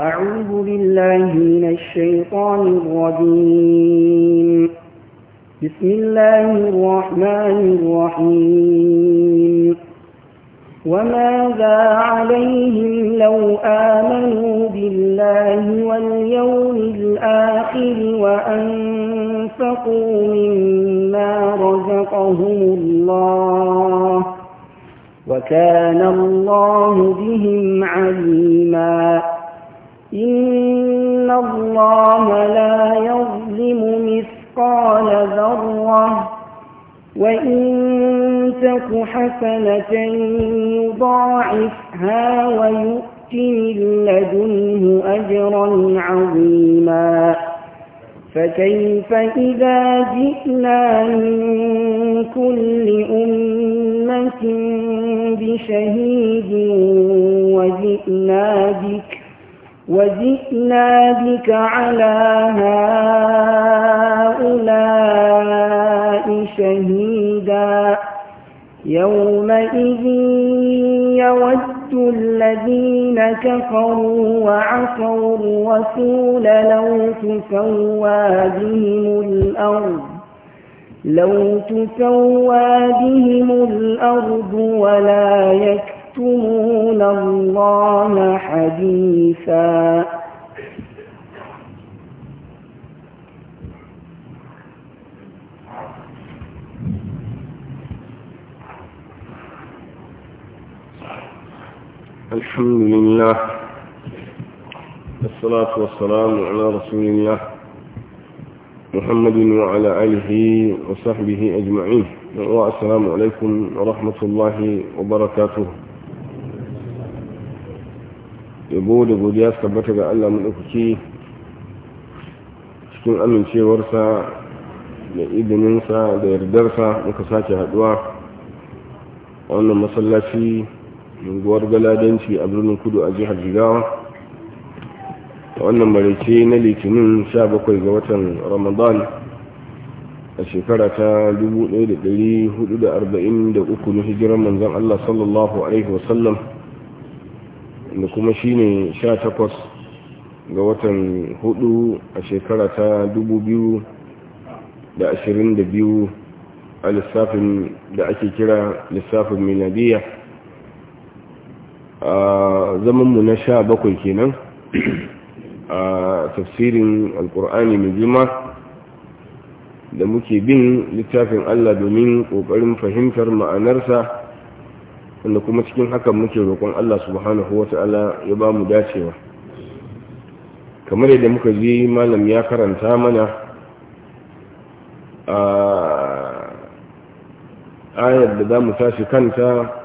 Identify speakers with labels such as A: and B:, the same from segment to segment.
A: أعوذ بالله من الشيطان الرجيم بسم الله الرحمن الرحيم وماذا عليهم لو آمنوا بالله واليوم الآخر وأنفقوا مما رزقهم الله وكان الله بهم عليماً إن الله لا يظلم مثقال ذرة وإن تك حسنة يضاعفها ويؤتي من لدنه أجرا عظيما فكيف إذا جئنا من كل أمة بشهيد وجئنا بك وجئنا بك على هؤلاء شهيدا يومئذ يود الذين كفروا وعصوا الرسول لو تسوى بهم الأرض لو تسوى بهم الأرض ولا يكفر تحسبون الله حديثا الحمد لله
B: والصلاة والسلام على رسول الله محمد وعلى آله وصحبه أجمعين والسلام عليكم ورحمة الله وبركاته yabo da godiya su tabbata ga Allah maɗaukaki cikin amincewarsa da izininsa da yardarsa muka sake haduwa. a wannan masallaci unguwar galadanci a birnin kudu a jihar jigawa a wannan maraice na litinin 17 ga watan ramadan a shekara ta 1443 na hijirar manzon Allah sallallahu alaihi wasallam da kuma shine takwas ga watan hudu a shekara ta 2022 a lissafin da ake kira lissafin miladiya a zamanmu na sha bakwai kenan a tafsirin alkur'ani mai jima da muke bin littafin allah domin ƙoƙarin fahimtar ma'anarsa wanda kuma cikin hakan muke roƙon Allah subhanahu wata'ala ya ba mu dacewa kamar yadda muka ji malam ya karanta mana a ayar da za mu tashi kanta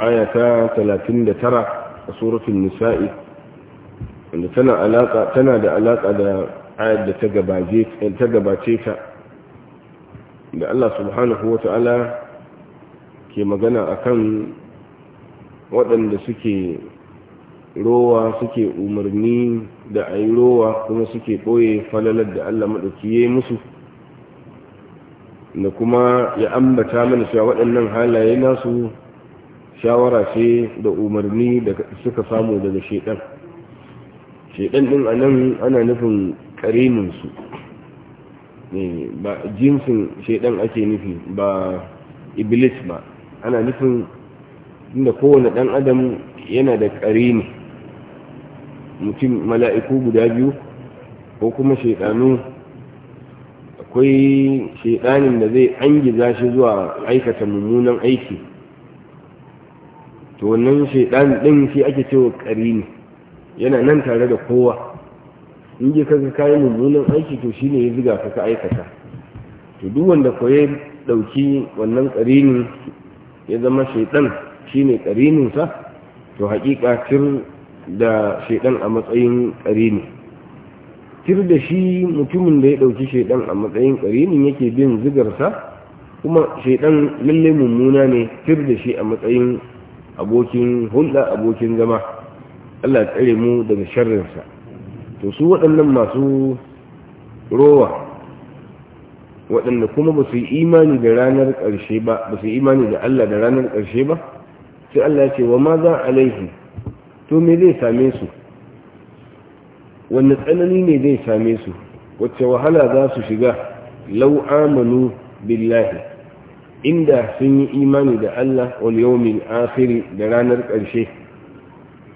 B: ayata 39 a surafin nisa'i wanda tana da alaƙa da ayar da ta gabace ta da Allah subhanahu wa ta'ala ke magana akan waɗanda suke rowa suke umarni da a yi rowa kuma suke ɓoye falalar da Allah maɗauki ya yi musu da kuma ya ambata mana cewa waɗannan halaye nasu shawara ce da umarni da suka samu daga shaidan shaidan ɗin a nan ana nufin ƙariminsu eh, ba jinsin shaidan ake nufi ba iblis ba ana nufin inda kowane ɗan adam yana da ne mutum mala'iku guda biyu ko kuma shaidanu akwai shaidanin da zai angiza shi zuwa aikata mummunan aiki to wannan shaidan ɗin shi ake cewa ne yana nan tare da kowa in je kaga kayan mummunan aiki to shine ya ziga ka ka aikata to duk wanda kwaye dauki ɗauki wannan ne ya zama shaidan shi ne ƙarininsa to haƙiƙa cir da shaidan a matsayin ƙarini cir da shi mutumin da ya ɗauki shaidan a matsayin ƙarinin yake bin zigarsa kuma shaidan lalle mummuna ne cir da shi a matsayin abokin hulɗa abokin zama Allah tsare mu daga sharrinsa to su waɗannan masu rowa waɗanda kuma ba su yi imani da ranar ƙarshe ba ba su yi imani da Allah da ranar ƙarshe ba sai Allah ya ce wa ma za alaihi to me zai same su wanne tsanani ne zai same su wacce wahala za su shiga lau amanu billahi inda sun yi imani da Allah wal yawmil akhir da ranar ƙarshe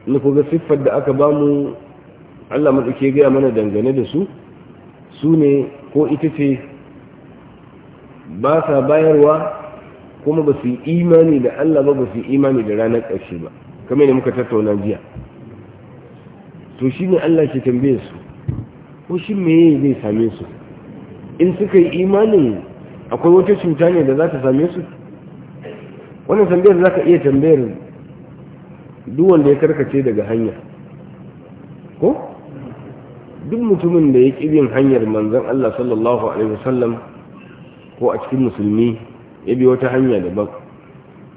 B: na kuga siffar da aka bamu Allah matsake gaya mana dangane da su su ne ko ita ce ba sa bayarwa kuma ba su yi imani da Allah ba ba su yi imani da ranar ƙarshe ba kamar da muka tattauna jiya to shi ne Allah ke tambaye su ko shi yi zai same su in suka yi imanin akwai wata cuta ne da za ta same su wannan tambayar za ka iya tambayar duk wanda ya karkace daga hanya ko duk mutumin da ya ƙi yin hanyar manzon Allah sallallahu alaihi wasallam ko a cikin musulmi ya biyo wata hanya daban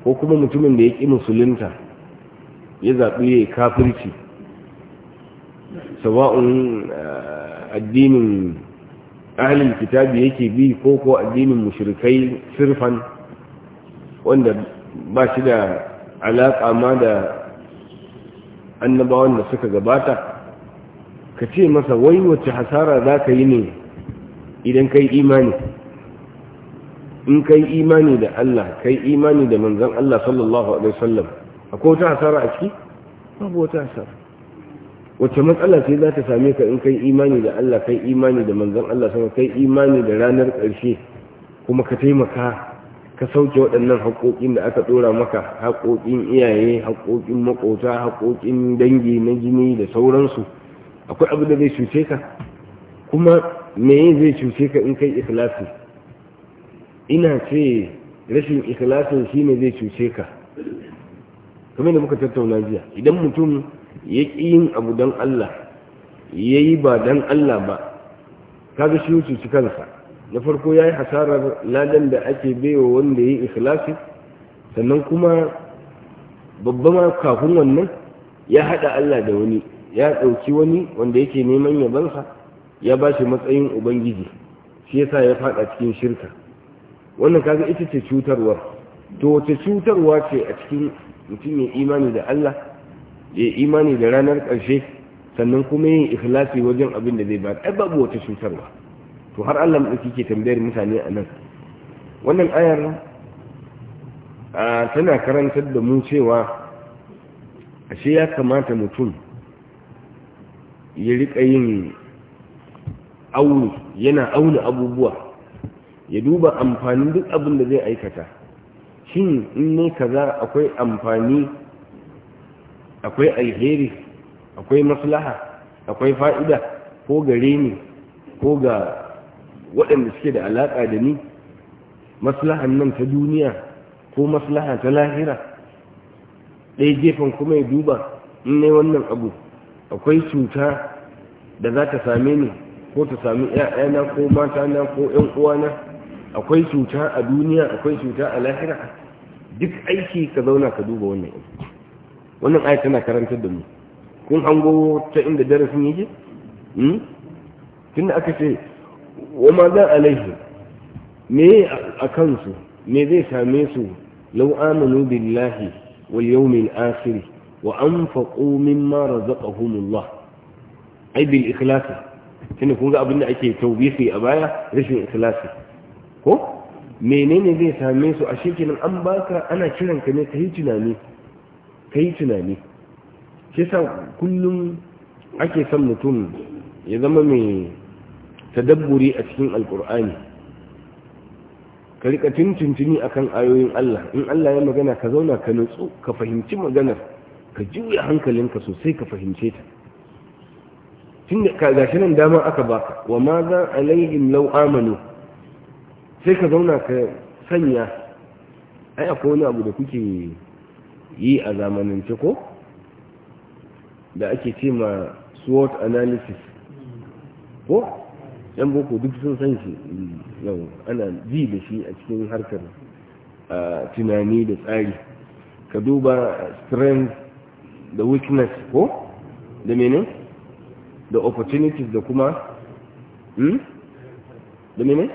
B: ko kuma mutumin da ya ki musulunta ya zaɓi ya kafirci sawa'un eh, addinin ahalin kitabi yake bi ko ko addinin mushrikai sirfan wanda ba shi da alaƙa ma da annabawan da suka gabata ka ce masa wai wacce hasara za ka yi ne idan ka yi imani in kai imani da Allah kai imani da manzon Allah sallallahu alaihi wasallam akwai wata hasara a ciki babu wata hasara wace matsala ce za ta same ka in kai imani da Allah kai imani da manzon Allah sama kai imani da ranar ƙarshe kuma ka taimaka ka sauke waɗannan haƙoƙin da aka ɗora maka haƙoƙin iyaye haƙoƙin maƙota haƙoƙin dangi na jini da sauransu akwai abu da zai cuce ka kuma me zai cuce ka in kai ikhlasi ina ce rashin ikhlasin shi ne zai cuce ka kamar da muka tattauna jiya idan mutum ya ƙi yin abu don Allah ya yi ba don Allah ba ga shi cuci kansa na farko ya yi hasarar ladan da ake baiwa wanda ya yi ikhlasi sannan kuma babba ma kafin wannan ya haɗa Allah da wani ya ɗauki wani wanda yake neman yabansa ya ba shi matsayin ubangiji shi yasa ya faɗa cikin shirka wannan kaga ita ce cutarwar to wace cutarwa ce a cikin mutum ya imani da Allah ya imani da ranar ƙarshe sannan kuma yin ikhlasi wajen abin da zai bada ai babu wata cutarwa to har Allah mu ke tambayar mutane a nan wannan ayar tana karantar da mu cewa ashe ya kamata mutum ya riƙa yin auni yana auna abubuwa ya duba amfani duk abin da zai aikata shi in ne kaza akwai amfani akwai alheri akwai maslaha akwai fa'ida ko gare ni ko ga waɗanda suke da alaƙa da ni maslahan nan ta duniya ko maslaha ta lahira ɗaya gefen kuma ya duba in ne wannan abu akwai cuta da za ta same ni ko ta sami 'ya'yana ko matana ko 'yan uwana akwai cuta a duniya akwai cuta a lahira duk aiki ka zauna ka duba wannan abu wannan ayat tana karantar da mu kun hango ta inda darasin yake hmm? tunda aka ce wa ma za alaihi me a kansu me zai same su lau amanu billahi wal yawmil akhir wa anfaqu mimma razaqahumullah ai bil ikhlasi tunda kun ga abin da ake tawbihi a baya rashin ikhlasi ko menene zai same su a shekinan an baka ana kiran ka ne ka yi tunani ka yi tunani shi sa kullum ake san mutum ya zama mai tadabburi a cikin alkur'ani ka rika tuntuntuni akan ayoyin Allah in Allah ya magana ka zauna ka nutsu ka fahimci maganar ka juya hankalinka sosai ka fahimce ta tun da ka gashi nan dama aka baka wa ma za alaihim law amanu sai ka zauna ka sanya ai akwai wani abu da kuke yi a zamanance ko da ake ce ma SWOT analysis ko yan boko duk sun san shi yau ana ji da shi a cikin harkar tunani da tsari ka duba strength da weakness ko da menin da opportunities da kuma hmm? da menin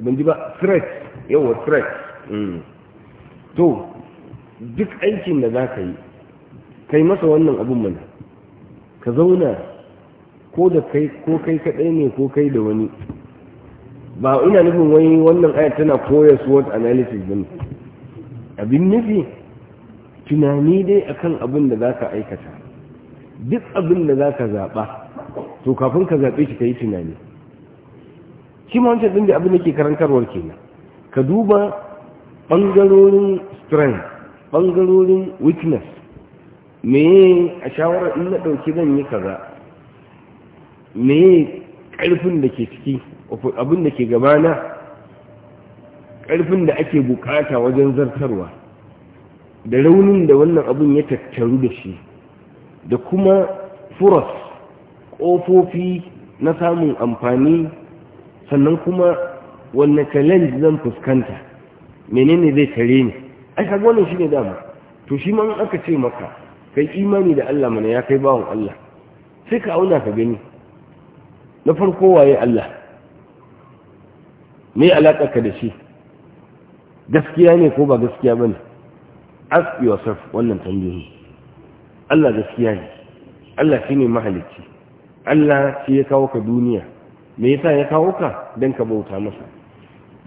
B: ban ji ba threat yawa threat mm. to duk aikin da za ka yi kai masa wannan abin mana ka zauna ko da kai ko kai kaɗai ne ko kai da wani ba ina nufin wani wannan ayat tana koya SWOT analysis din abin nufi tunani dai akan abin da zaka aikata duk abin da zaka zaɓa to kafin ka zaɓe shi ka yi tunani shi ma wancan ɗin da abin da ke karantarwar kenan ka duba ɓangarorin strength ɓangarorin weakness me a shawarar in na ɗauki zan yi kaza me ƙarfin da ke ciki abin da ke gabana ƙarfin da ake bukata wajen zartarwa da raunin da wannan abin ya tattaru da shi da kuma furas ƙofofi na samun amfani sannan kuma wanne challenge zan fuskanta menene zai tare ni ai kaga wannan shine dama to shi ma aka ce maka kai imani da Allah mana ya kai bawon Allah sai ka auna ka gani na farko waye Allah me alaka ka da shi gaskiya ne ko ba gaskiya bane ask yourself wannan tambayoyi Allah gaskiya ne Allah shine mahalicci Allah shi ya kawo ka duniya me yasa ya kawo ka dan ka bauta masa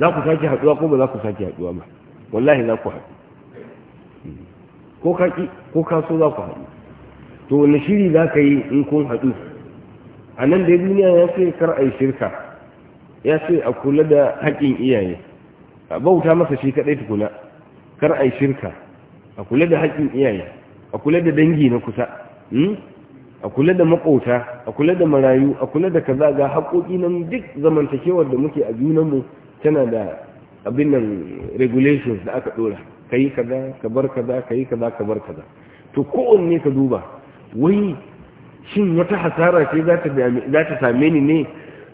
B: za ku saki haduwa ko ba za ku saki haduwa ba wallahi za ku haɗu ko ka ki ko ka so za ku haɗu to wani shiri za ka yi in kun haɗu a nan da duniya ya sai kar a yi shirka ya sai a kula da haƙƙin iyaye a bauta masa shi kaɗai tukuna kar a yi shirka a kula da haƙƙin iyaye a kula da dangi na kusa hmm? a kula da makauta a kula da marayu a kula da kaza ga haƙoƙi nan duk zamantakewar da muke a junanmu tana da abin nan regulations da aka ɗora ka yi kaza ka bar kaza ka yi kaza ka bar kaza to kowanne ka duba wai shin wata hasara ce za ta same ni ne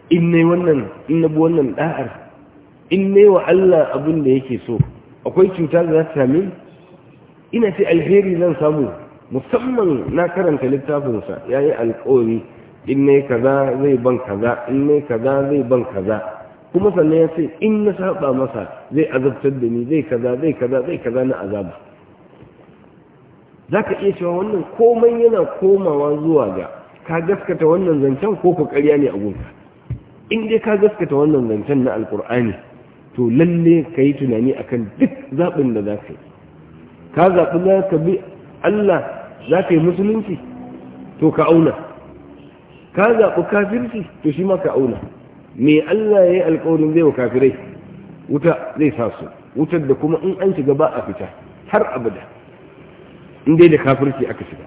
B: in nai wannan in na bi wannan da'ar in nai wa Allah abin da yake so akwai cuta da za ta same ni ina ce alheri zan samu musamman na karanta littafinsa ya yi alkawari in ne kaza zai ban kaza in ne kaza zai ban kaza kuma sannan ya ce in na saba masa zai azabtar da ni zai kaza zai kaza zai kaza na azaba za ka iya cewa wannan komai yana komawa zuwa ga ka gaskata wannan zancen ko ku karya ne a gunka in dai ka gaskata wannan zancen na alkur'ani to lalle ka yi tunani akan duk zaɓin da za ka yi ka zaɓi za ka bi Allah za ka yi musulunci to ka auna ka zaɓi kafirci to shi ma ka auna me Allah ya yi alkawarin zai wa kafirai wuta zai sa su wutar da kuma in an shiga ba a fita har abada in dai da kafirci aka shiga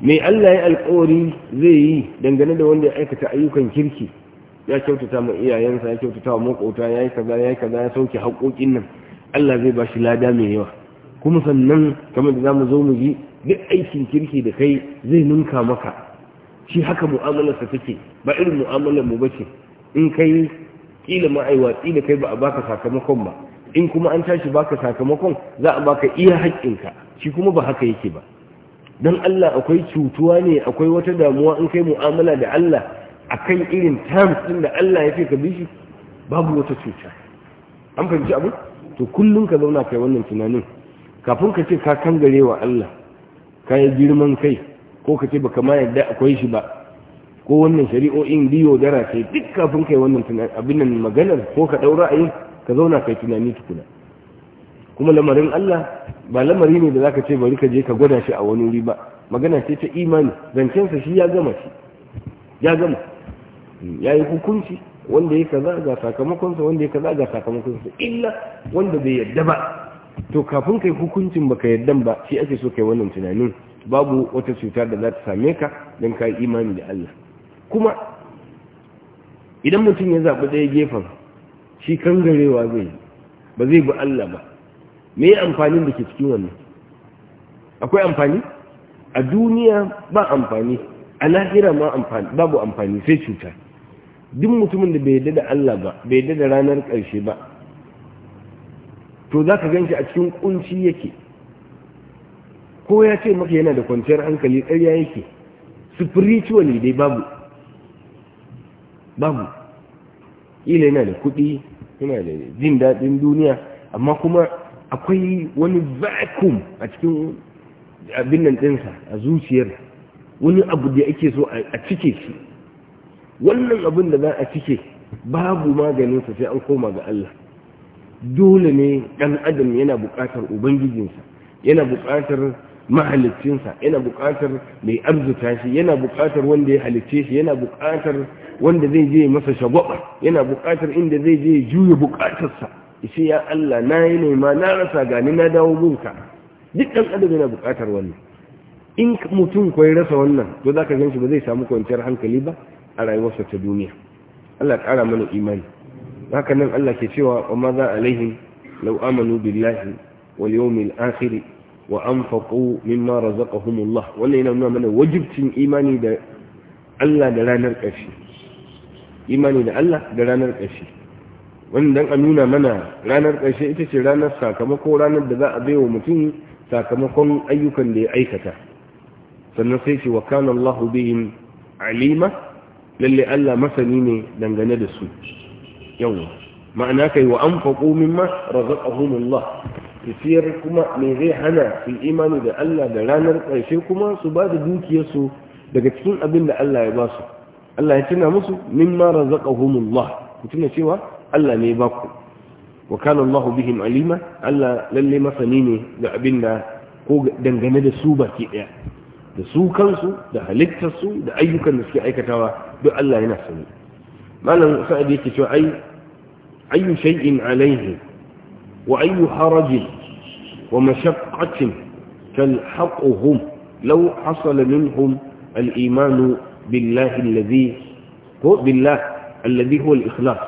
B: me Allah ya yi alƙawari zai yi dangane da wanda ya aikata ayyukan kirki ya kyautata ma iyayensa ya kyautata wa makwauta ya yi kaza ya yi kaza ya sauke haƙoƙin nan Allah zai ba shi lada mai yawa kuma sannan kamar da za mu zo mu ji duk aikin kirki da kai zai ninka maka shi haka mu'amalarsa take ba irin mu'amalar mu bace in kai kila ma'aiwa kila kai ba a baka sakamakon ba in kuma an tashi baka sakamakon za a baka iya haƙƙinka shi kuma ba haka yake ba dan Allah akwai cutuwa ne akwai wata damuwa in kai mu'amala da Allah akan irin terms din da Allah ya fi ka bishi babu wata cuta an fahimci abu to kullum ka zauna kai wannan tunanin kafin ka ce ka kangare wa Allah ka yi girman kai ko ka ce ba kama yadda akwai shi ba ko wannan shari'o'in biyo dara ce duk kafin kai wannan abin nan maganar ko ka ɗaura a ka zauna kai tunani tukuna kuma lamarin Allah ba lamari ne da za ka ce bari ka je ka gwada shi a wani wuri ba magana ce ta imani zancensa shi ya gama shi ya gama ya yi hukunci wanda ya kaza ga sakamakonsa wanda ya kaza ga sakamakonsa illa wanda bai yadda ba to kafin kai hukuncin baka yaddan ba shi ake so kai wannan tunanin babu wata cuta da za ta same ka don ka imani da Allah kuma idan mutum ya zaɓi ɗaya gefen shi kangarewa zai ba zai bi Allah ba me yi amfani da ke cikin wannan akwai amfani a duniya ba amfani a lahira ma amfani babu amfani sai cuta duk mutumin da bai yadda da Allah ba bai yadda da ranar ƙarshe ba to za ka gan shi a cikin kunci yake ko ya ce maka yana da kwanciyar hankali ƙarya yake spiritually dai babu babu ila yana da kuɗi yana da jin daɗin duniya amma kuma akwai wani vacuum a cikin abin nan ɗinsa a zuciyar wani abu da ake so a cike shi wannan abin da za a cike babu maganin maganinsa sai an koma ga Allah dole ne ɗan adam yana buƙatar ubangijinsa yana buƙatar mahalicinsa yana buƙatar mai arzuta shi yana buƙatar wanda ya halicce shi yana buƙatar wanda zai je masa shagwaba yana buƙatar inda zai je juya buƙatarsa ishe ya Allah na yi nema na rasa gani na dawo gunka duk ɗan adam yana buƙatar wannan in mutum kwai rasa wannan to za ka gan shi ba zai samu kwanciyar hankali ba a rayuwarsa ta duniya Allah ƙara mana imani haka nan Allah ke cewa wa ma za alaihim law amanu billahi wal yawmil akhir wa anfaqu mimma razaqahumullah wannan yana nuna mana wajibcin imani da Allah da ranar ƙarshe imani da Allah da ranar ƙarshe wannan dan a nuna mana ranar ƙarshe ita ce ranar sakamako ranar da za a wa mutum sakamakon ayyukan da ya aikata sannan sai ce wa kana Allahu bihim alima lalle Allah masani ne dangane da su Yau, ma'ana kai wa an faƙo mimma razaqahumullah siyar kuma me zai hana su imani da Allah da ranar ƙarshe kuma su ba da dukiyarsu daga cikin abin da Allah ya ba su Allah ya tuna musu mimma razaqahumullah ku tuna cewa Allah ne ba ku wa kana Allahu bihim alima Allah lalle masani ne da abin da ko dangane da su baki daya da su kansu da halittarsu da ayyukan da suke aikatawa duk Allah yana sani ما لم فأديك أي, شيء عليه وأي حرج ومشقة تلحقهم لو حصل منهم الإيمان بالله الذي هو بالله الذي هو الإخلاص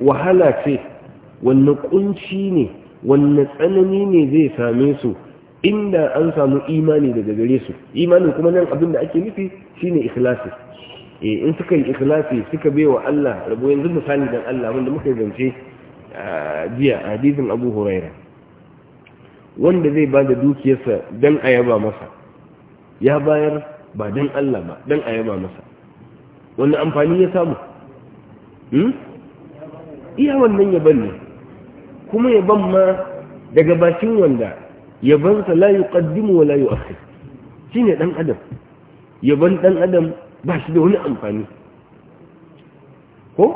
B: وهلاته والنقنشيني والنسأنيني ذي فاميسو إلا أنسان إيماني ذي ذي ذي ذي ذي إيمان كما نعلم shine ikhlasi eh in suka yi ikhlasi suka bai wa Allah rabo yanzu misali dan Allah wanda muka zance jiya hadisin Abu Huraira wanda zai bada dukiyarsa dan ayaba masa ya bayar ba dan Allah ba dan ayaba masa wanda amfani ya samu hmm iya wannan yaban ne kuma yaban ma daga bakin wanda yabansa la yuqaddimu wa la yu'akhir shine dan adam yaban dan adam ba shi da wani amfani ko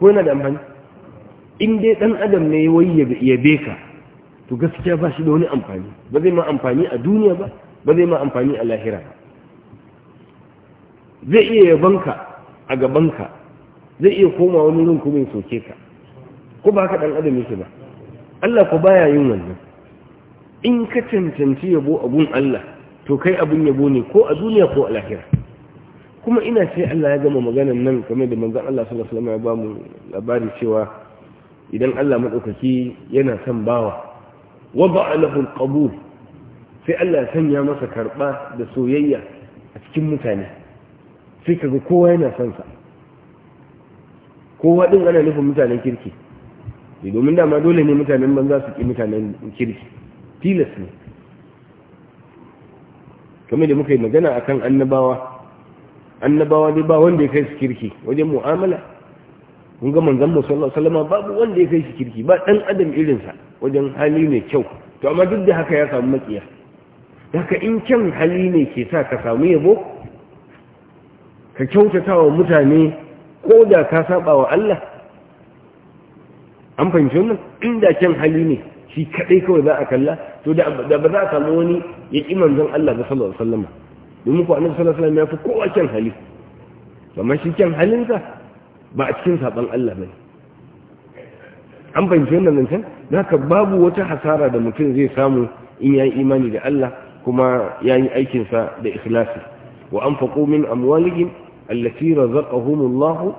B: ko yana da amfani in dai dan adam ne wai yabe ka to gaskiya ba shi da wani amfani ba zai ma amfani a duniya ba ba zai ma amfani a lahira ba zai iya ka a gaban ka, zai iya koma wani rin kuma ya soke ka ko ba ka dan adam yake ba Allah ko baya yin wannan in ka cancanci yabo abun Allah to kai abin yabo ne ko a duniya ko a lahira kuma ina sai Allah ya gama maganan nan kamar da manzon Allah sallallahu alaihi wasallam ya ba mu labari cewa idan Allah madaukaki yana son bawa wada'a lahu alqabul sai Allah ya sanya masa karba da soyayya a cikin mutane sai kaga kowa yana son sa kowa din ana nufin mutanen kirki domin dama dole ne mutanen banza su ki mutanen kirki tilas ne kamar da muka yi magana a kan annabawa annabawa dai ba wanda ya kai su kirki wajen mu'amala Mun ga manzan mu salama. babu wanda ya kai su kirki ba ɗan adam irinsa. wajen hali mai kyau to amma duk da haka ya samu makiya haka in kyan hali ne ke sa ka samu yabo ka kyautata wa mutane ko da ka saba wa Allah an fahimci wannan inda kyan hali ne shi kadai kawai za a kalla to da ba za a samu wani ya ƙi manzon Allah ba sallallahu sallama. domin ko annabi sallallahu ya fi kowa kyan hali amma shi kyan halinsa ba a cikin saban Allah bane an fahimci nan zancen don haka babu wata hasara da mutum zai samu in ya yi imani da Allah kuma ya yi aikinsa da ikhlasi wa an faƙo min amwalihim allati razaqahumullahu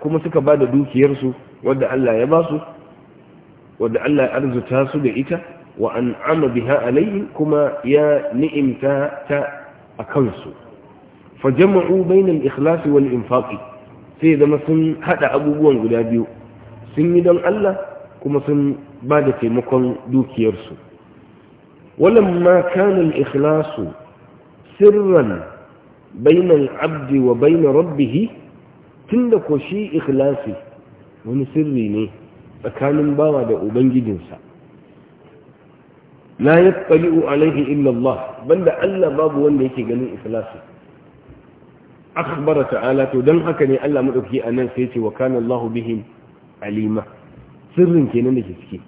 B: kuma suka ba da dukiyarsu wadda Allah ya ba su wadda Allah ya arzuta su da ita wa an ama biha alaihi kuma ya ni'imta ta a kansu fa jama'u bainal ikhlas wal infaq sai zama sun hada abubuwan guda biyu sun yi don Allah kuma sun ba da taimakon dukiyarsu ولما abdi wa سرا بين tunda ko shi ikhlasi wani sirri ne. tsakanin bawa da ubangijinsa la yattali'u alaihi illallah banda Allah babu wanda yake ganin ikhlasi akhbara ta'ala to dan haka ne Allah madauki anan sai ce wa kana bihim alima sirrin kenan da ke ciki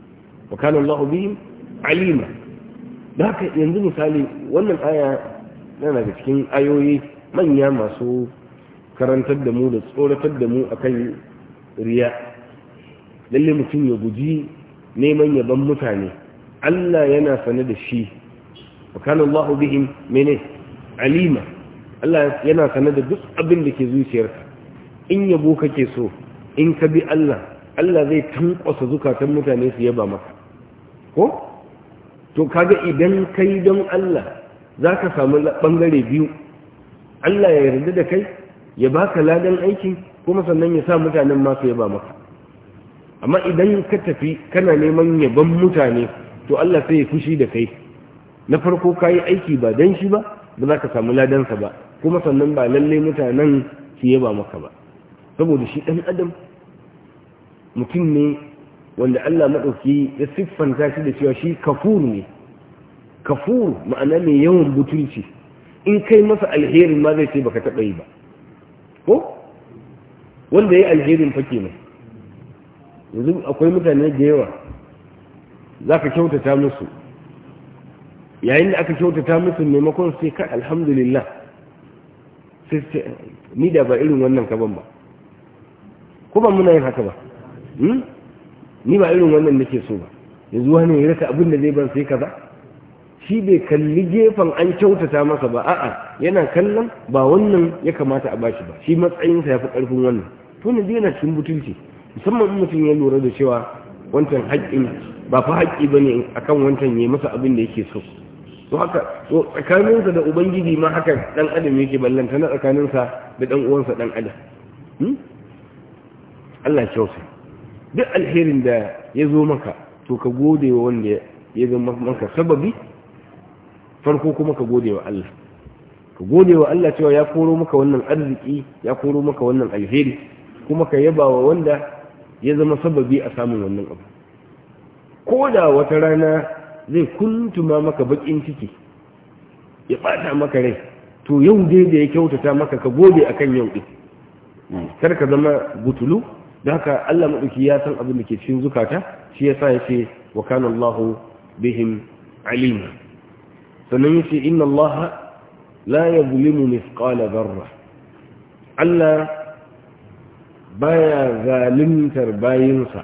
B: wa kana bihim alima da haka yanzu misali wannan aya yana daga cikin ayoyi manya masu karantar da mu da tsoratar da mu akan riya lalle mutum ya guji neman yaban mutane Allah yana sane da shi wa kana Allahu bihim mene alima Allah yana sane da duk abin da ke zuciyarka in yabo kake so in ka bi Allah Allah zai tankwasa zukatan mutane su yaba maka ko to kaga idan kai don Allah zaka samu bangare biyu Allah ya yarda da kai ya baka ladan aikin kuma sannan ya sa mutanen ma su yaba maka amma idan ka tafi kana neman yabon mutane to Allah sai ya fushi da kai na farko ka yi aiki ba dan shi ba ba za ka samu ladansa ba kuma sannan ba lallai mutanen su yaba maka ba saboda shi ɗan adam mutum ne wanda Allah maɗauki ya siffanta shi da cewa shi kafur ne kafur ma'ana mai yawan butulci in kai masa alherin ma zai ce baka taɓa yi ba ko wanda ya alherin fake mai yanzu akwai mutane da yawa za ka kyautata musu yayin da aka kyautata musu maimakon sai ka alhamdulillah ni da ba irin wannan kaban ba ko ba muna yin haka ba hmm? ni ba irin wannan nake so ba yanzu wani ya rasa abin da zai ban sai kaza shi bai kalli gefen an kyautata masa ba a'a yana kallon ba wannan ya kamata a bashi ba shi matsayinsa ya fi ƙarfin wannan to ne zai yana cikin butulci musamman mutum ya lura da cewa wancan haƙƙin ba fa haƙƙi ba ne a kan wancan ya masa abin da yake so to haka to tsakaninsa da ubangiji ma haka ɗan adam yake ballanta na tsakaninsa da ɗan uwansa ɗan adam hmm? Allah kyauta duk alherin da ya zo maka to ka gode wa wanda ya zama maka sababi farko kuma ka gode wa Allah ka gode wa Allah cewa ya koro maka wannan arziki ya koro maka wannan alheri kuma ka yaba wa wanda ya zama sababi a samun wannan abu ko da wata rana zai kuntuma maka bakin ciki ya bata maka rai to yau dai da ya kyautata maka ka gode kan yau ɗin. Hmm. kar ka zama butulu da haka Allah maɗauki ya san abin da ke cikin zukata shi ya sa ya ce wa kana Allahu bihim alima sannan ya ce inna allaha la yazlimu mithqala dharra Allah baya zalimtar bayinsa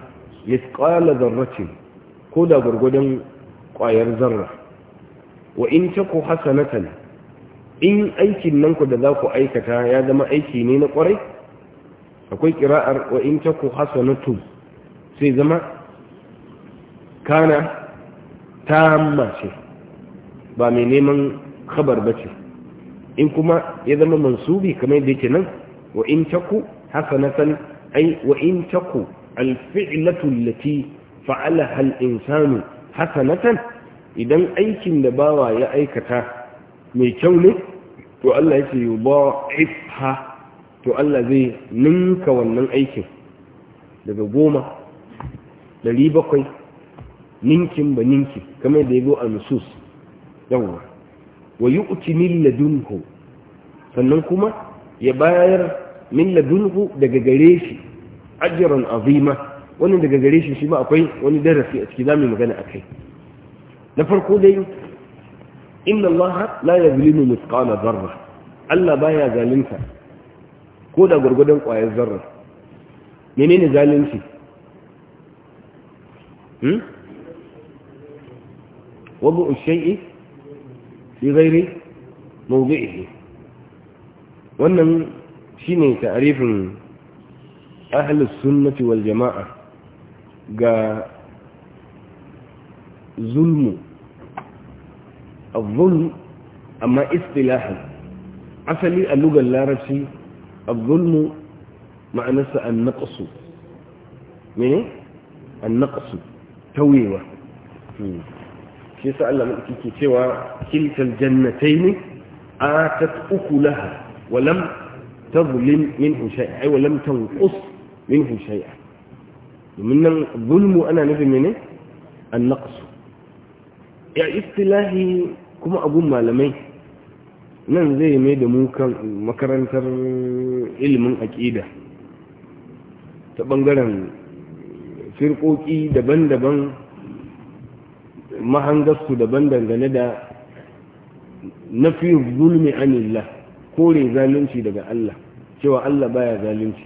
B: ya ƙwala zarracin ko da gwargwadon kwayar zarra wa in ta ku hasanatan in aikin nan ku da za ku aikata ya zama aiki ne na kwarai? akwai kiraar wa in ta ku hasanatu sai zama kana ta ce ba mai neman khabar ba ce in kuma ya zama mansubi kamar da yake nan wa in ta ku hasanatan ai wa in taku alfi'latu allati fa'alaha al-insanu hasanatan idan aikin da bawa ya aikata mai kyau ne to Allah yake yudha'ifha to Allah zai ninka wannan aikin daga goma dari bakwai ninkin ba ninki kamar da ya zo a nusus yawwa wa yu'ti min ladunhu sannan kuma ya bayar min ladunhu daga gare shi ajran azima wannan daga gare shi shi ma akwai wani darasi a ciki zamu magana akai na farko dai inna Allah la yuzlimu mithqala dharra Allah baya zalunta ko da gurgudan ƙwayar zarra menene zalunci hmm wadu shay'i fi ghairi mawdi'ihi wannan shi ne ta'arifin ahalus sunnati wal jama'a ga zulmu a amma istilahan asali a lugar larabci a zulmu ma'anarsa an naƙasu hmm. shi sa Allah ke cewa kilkal jannatai ne a ta uku walam tazlim minhu shay'a ai lam tanqus minhu shay'a domin nan zulmu ana nufin mene an-naqs ya istilahi kuma abun malamai nan zai mai da mu kan makarantar ilimin aƙida ta bangaren firƙoƙi daban-daban mahangarsu daban dangane da nafi zulmi anillah kore zalunci daga Allah cewa Allah baya zalunci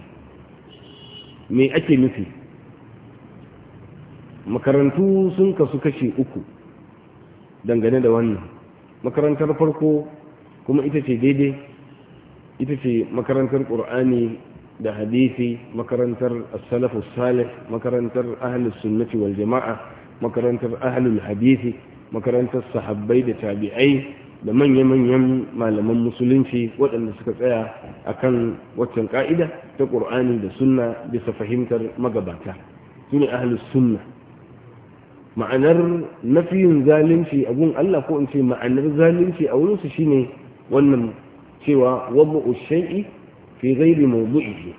B: me ake nufi makarantu sun kasu kashe uku dangane da wannan makarantar farko kuma ita ce daidai ita ce makarantar ƙur'ani da hadisi makarantar as-salafu salih makarantar ahlus sunnati wal jama'a makarantar ahlul hadisi makarantar sahabbai da tabi'ai da manya-manyan malaman musulunci waɗanda suka tsaya a kan waccan ƙa'ida ta ƙur'ani da sunna bisa fahimtar magabata su ne ahalus sunna ma'anar nafiyin zalunci a gun Allah ko in ce ma'anar zalunci a wurinsu shine wannan cewa wabu ushe'i fi ghairi mawdu'ihi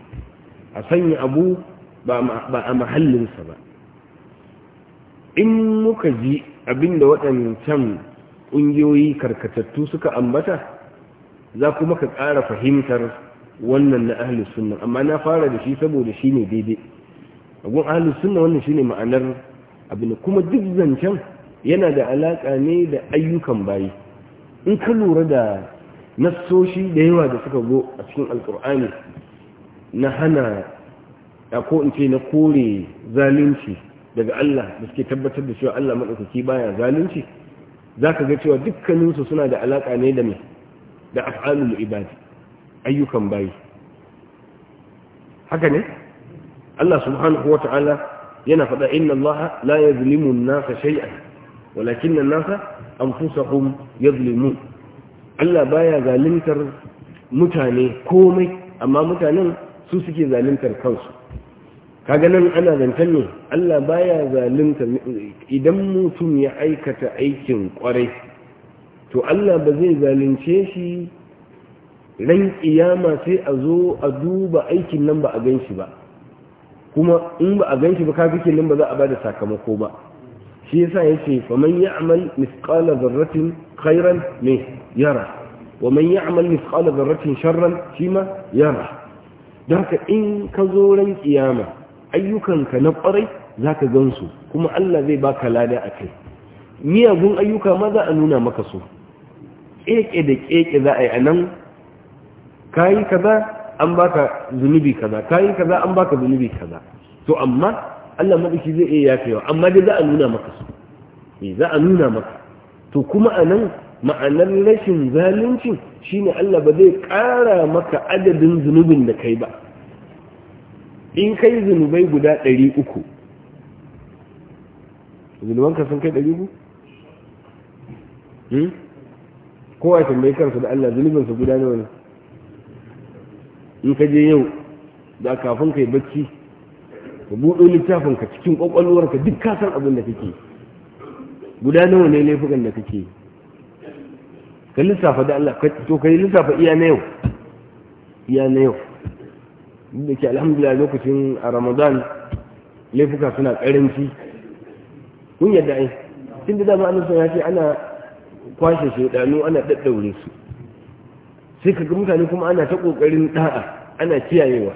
B: a sanya abu ba a mahallinsa ba in muka ji abin da waɗancan ƙungiyoyi karkatattu suka ambata za kuma ka ƙara fahimtar wannan na ahalus suna amma na fara da shi saboda shi ne daidai agun ahalus sunna wannan ne ma'anar abin kuma duk zancen yana da alaƙa ne da ayyukan bayi in ka lura da nassoshi da yawa da suka go a cikin alkur'ani na hana a ko in ce na kore zalunci daga Allah da suke tabbatar da cewa Allah maɗaukaki baya zalunci za ka ga cewa dukkaninsu suna da alaƙa ne da mai da af'alul ibadi ayyukan bayi haka ne Allah subhanahu wa ta'ala yana faɗa inna Allah la yazlimu an-nasa shay'an walakinna an-nasa anfusahum yazlimun Allah baya zaluntar mutane komai amma mutanen su suke zaluntar kansu kaga nan ana zancen ne Allah baya zalunta idan mutum ya aikata aikin kwarai to Allah ba zai zalunce shi ran kiyama sai a zo a duba aikin nan ba a gan shi ba kuma in ba a gan shi ba kafi kenan ba za a bada sakamako ba shi yasa yace faman amal mithqala dharratin khairan ne yara wa man amal mithqala dharratin sharran shima yara don in ka zo ran kiyama ayyukanka na kwarai za ka gansu kuma Allah zai ba ka lada a kai miyagun ayyuka ma za a nuna maka su keke da keke za a yi a nan kayi kaza an baka zunubi kaza kayi kaza an baka zunubi kaza to amma Allah madaki zai iya yafe yafewa amma dai za a nuna maka su eh, za a nuna maka to kuma a nan ma'anar rashin zalunci shine Allah ba zai ƙara maka adadin zunubin da kai ba in kai zunubai guda ɗari uku zunubanka sun kai ɗari uku? Hmm? kowa mai karsu da Allah zunubinsa guda nawa ne in ka je yau da kafin kai bacci ka buɗo littafin ka cikin ƙwaƙwalwarka duk kasar abin da kake guda nawa ne laifukan da kake ka lissafa da Allah to ka yi lissafa iya na yau iya na yau da ke alhamdulillah lokacin a ramadan laifuka suna karanci kun yadda ai tun da dama annabi ya ce ana kwashe shedanu ana daddaure su sai ka ga mutane kuma ana ta kokarin da'a ana kiyayewa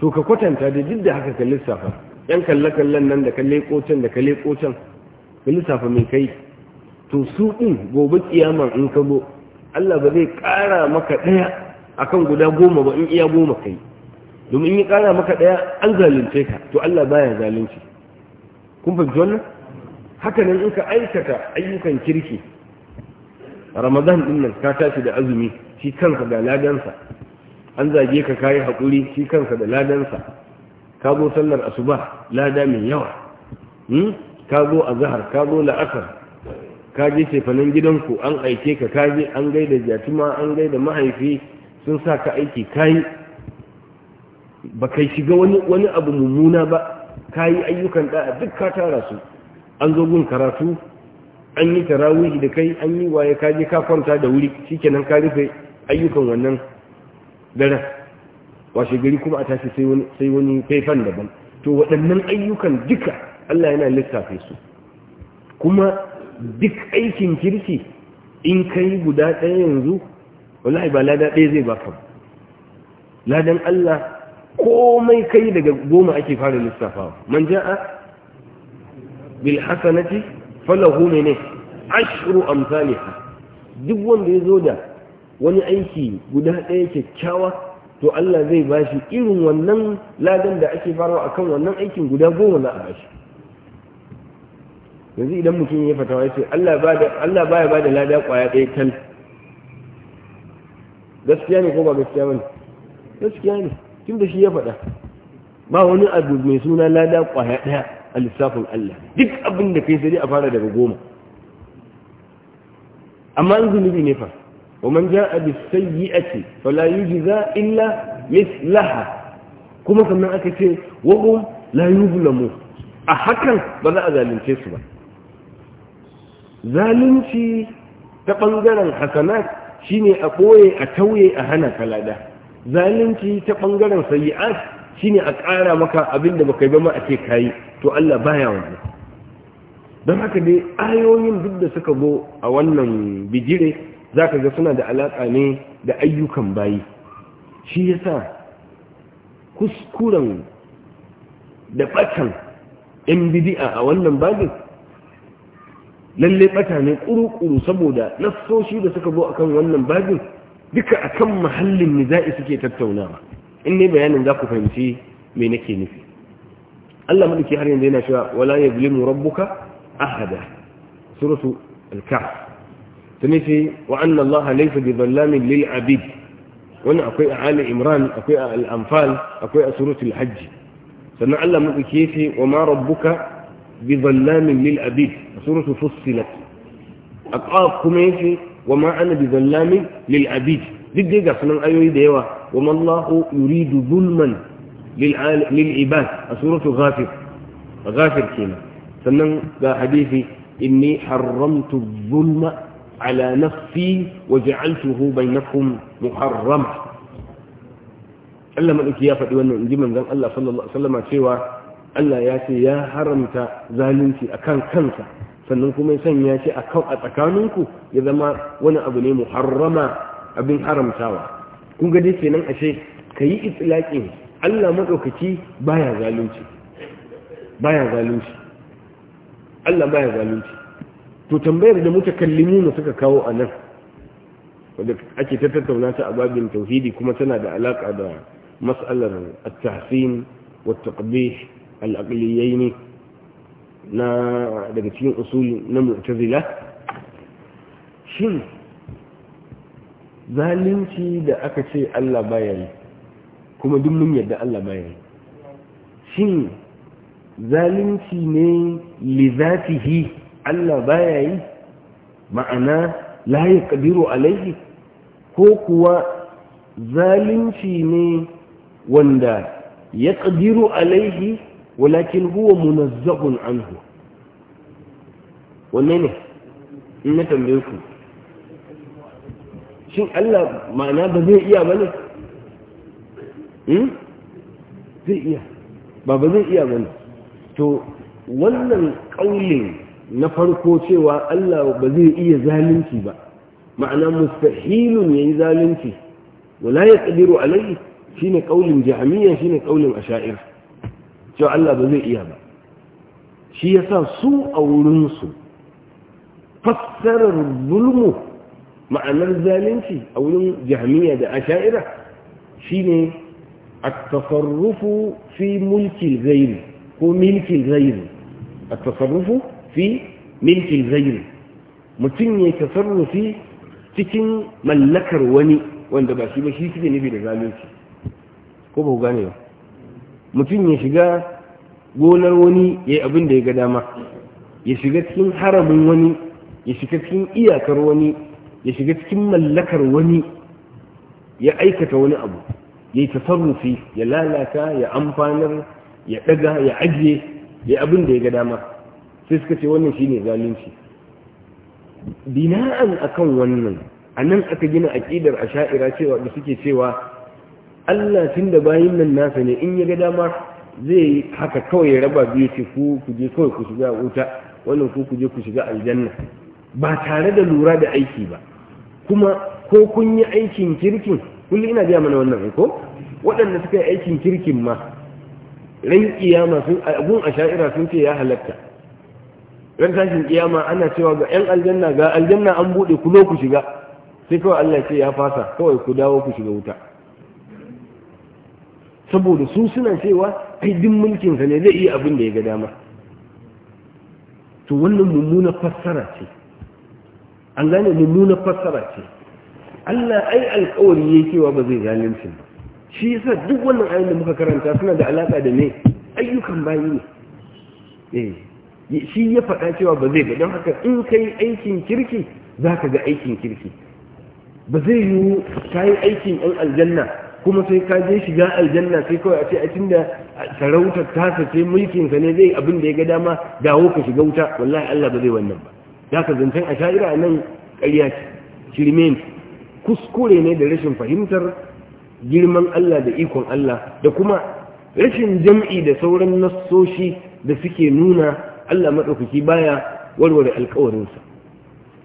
B: to ka kwatanta da duk da haka ka lissafa yan kalle kallen nan da ka leko da ka leko ka lissafa mai kai to su din gobe kiyama in ka zo Allah ba zai kara maka daya akan guda goma ba in iya goma kai domin yi kara maka daya an zalunce ka to Allah baya zalunci kun fahimci wannan haka nan in ka aikata ayyukan kirki ramadan din nan ka tashi da azumi shi kanka da ladansa an zage ka kayi hakuri shi kanka da ladansa ka zo sallar asuba lada mai yawa hmm? ka zo a zahar ka zo la'akar, ka je cefanen gidanku an aike ka kaje an gaida jatuma, an gaida mahaifi sun sa ka aiki kayi ba kai shiga wani abu mummuna ba ka yi ayyukan ɗa'a duk ka tara su an zo gun karatu an yi tarawihi da kai an yi waye ka je ka kwanta da wuri shikenan ka rufe ayyukan wannan daren washe gari kuma a tashi sai wani faifan daban to waɗannan ayyukan duka Allah yana lissafe su kuma duk aikin kirki in kai guda ɗaya yanzu wallahi ba lada ɗaya zai baka ladan Allah komai kai daga goma ake fara lissafa man ja'a bil hasanati falahu ne ashru amsalha duk wanda ya zo da wani aiki guda ɗaya kyakkyawa to Allah zai bashi irin wannan ladan da ake farawa akan wannan aikin guda goma za a bashi yanzu idan mutum ya fatawa ya ce Allah baya ba da lada kwaya ɗaya tal gaskiya ne ko ba gaskiya ba ne gaskiya ne tun da shi ya faɗa ba wani abu mai suna lada ƙwaya ɗaya a lissafin Allah duk abin da kai sai a fara daga goma amma in zunubi ne fa wa man ja'a bis sayyi'ati fala yujza illa mislaha kuma sannan aka ce wa hum la yuzlamu a hakan ba za a zalunce su ba zalunci ta bangaren hasanat shine a ɓoye a tauye a hana kalada zalunci ta bangaren sayi'at shine a ƙara maka abin da baka yi ba ma a kayi to Allah baya wannan don haka dai ayoyin duk da suka zo a wannan bijire zaka ga suna da alaƙa ne da ayyukan bayi shi yasa kuskuren da ɓatan yan bidi'a a wannan babin lalle ɓata ne ƙuruƙuru saboda nassoshi da suka zo akan wannan babin بك أكم محل النداء سكي تتونارا إني بيان ذاك فهمتي منك نفي ألا ملكي حرين دينا شاء ولا يظلم ربك أحدا سورة الكعف تنفي وأن الله ليس بظلام للعبيد وأن أقوي أعالي إمران أقوي الأنفال أقوي سورة الحج سنعلم إكيتي وما ربك بظلام للعبيد سورة فصلت أقاف كميسي wa ma ana bi zallamin lil abid duk dai ga sunan ayoyi da yawa wa ma Allahu yuridu zulman lil ibad a suratu ghafir ghafir kenan sannan ga hadisi inni haramtu zulma على نفسي وجعلته بينكم محرما Allah maɗauki ya faɗi wannan inji manzon Allah sallallahu alaihi cewa Allah ya ce ya haramta zalunci akan kansa sannan kuma ya sanya shi a tsakaninku ya zama wani abu ne muharrama abin haramtawa kun ga dai kenan ashe kayi itlaqin Allah maɗaukaci baya zalunci baya zalunci Allah baya zalunci to tambayar da mutakallimuna suka kawo a nan wadda ake ta tattauna ta a babin tauhidi kuma tana da alaƙa da mas'alar at-tahsin wa na daga cikin usul na mu'tazila shin zalunci da aka ce Allah baya yi kuma duk mun yadda Allah baya yi shin zalunci ne zatihi Allah baya yi ma'ana la kadiru alaihi ko kuwa zalunci ne wanda ya kadiru alaihi walakin huwa munazzahun anhu wannan ne in na tambaye ku shin Allah ma'ana ba zai iya ba ne hmm? zai iya ba ba zai iya ba ne to wannan ƙaunin na farko cewa Allah ba zai iya zalunci ba ma'ana mustahilun ya yi zalunci wala ya ƙadiru alayhi shi ne ƙaunin jami'a shi ne a sha'ir cewa Allah ba zai iya ba shi ya sa su a wurinsu fassarar bulmuk ma'anar zalunci a wurin jahmiya da asha'ira ne a tasarrufu fi mulkin zairu ko milkin zairu a tasarrufu fi milkin zairu mutum ya tasarrufi cikin mallakar wani wanda ba shi ba shi suke nufi da zalunci ko ba ku gane ba mutum ya shiga gonar wani ya yi abin da ya ga dama ya shiga cikin haramin wani ya shiga cikin iyakar wani ya shiga cikin mallakar wani ya aikata wani abu ya yi tasarrufi ya lalata ya amfanar ya ɗaga ya ajiye ya abin da ya ga dama sai suka ce wannan shine zalunci bina'an akan wannan a nan aka gina aƙidar a sha'ira cewa da suke cewa Allah tun da bayan nan nasa ne in ya ga dama zai haka kawai ya raba biyu ce ku ku kawai ku shiga wuta wannan ku kuje ku shiga aljanna ba tare da lura da aiki ba kuma ko kun yi aikin kirkin kullum ina biya mana wannan ko waɗanda suka yi aikin kirkin ma ran kiyama sun abun a sha'ira sun ce ya halatta ran tashin kiyama ana cewa ga yan aljanna ga aljanna an buɗe ku zo ku shiga sai kawai Allah ce ya fasa kawai ku dawo ku shiga wuta saboda su suna cewa ai duk mulkin sa ne zai iya abin da ya ga dama to wannan mummuna fassara ce an gane mummunar fassara ce Allah ai alkawari ya cewa ba zai zalunci ba shi yasa duk wannan ayoyin da muka karanta suna da alaka da me ayyukan bayi ne eh shi ya faɗa cewa ba zai ba don haka in kai aikin kirki za ka ga aikin kirki ba zai yi ka aikin yan aljanna kuma sai ka je shiga aljanna sai kawai a ce a tunda sarautar sace mulkin ka ne zai abin da ya ga dama dawo ka shiga wuta wallahi Allah ba zai wannan ba da ka zancen a sha'ira a nan ƙarya ce shirme ne kuskure ne da rashin fahimtar girman Allah da ikon Allah da kuma rashin jam'i da sauran nassoshi da suke nuna Allah maɗaukaki baya warware alkawarinsa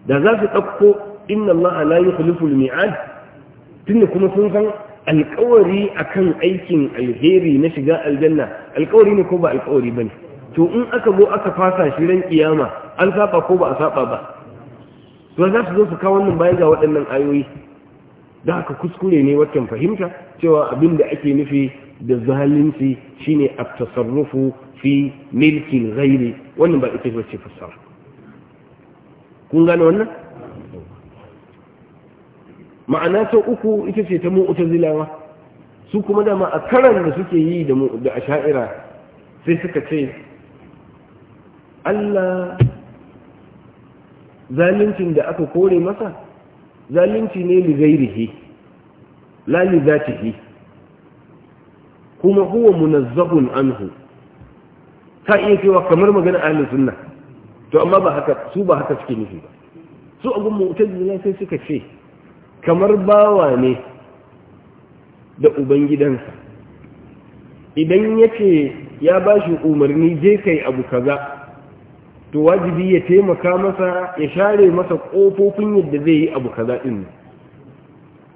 B: da za su ɗauko inna Allah la yukhlifu al-mi'ad tunda kuma sun san alkawari akan aikin alheri na shiga aljanna alkawari ne ko ba alkawari bane to in aka zo aka fasa shi ran kiyama an saba ko ba a saba ba to za su zo su kawo wannan bayan ga waɗannan ayoyi da haka kuskure ne waccan fahimta cewa abin da ake nufi da zalunci shine at-tasarrufu fi milkin ghairi wannan ba ita ce fassara kun gane wannan ma'ana ta uku ita ce ta mu'tazilawa su kuma dama a karan da suke yi da asha'ira sai suka ce Allah zaluncin da aka kore masa zalunci ne li zairihi la li zatihi kuma huwa munazzahun anhu ka iya cewa kamar magana ahli sunna to amma ba haka su ba haka suke nufi ba su abun mu'tazila sai suka ce kamar bawa ne da ubangidansa idan yace ya bashi umarni je kai abu kaza to wajibi ya taimaka masa ya share masa ƙofofin yadda zai yi abu kaza din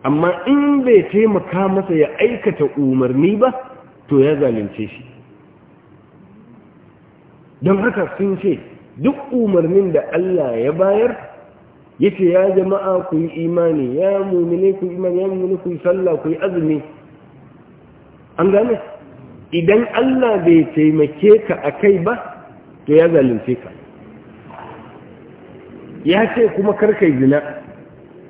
B: amma in bai taimaka masa ya aikata umarni ba to ya zalunce shi don haka sun ce duk umarnin da Allah ya bayar yace ya jama'a ku yi imani ya mumine ku imani ya mumine ku sallah ku yi azumi an gane idan Allah bai taimake ka akai ba to ya zalunce ka ya ce kuma karkai zina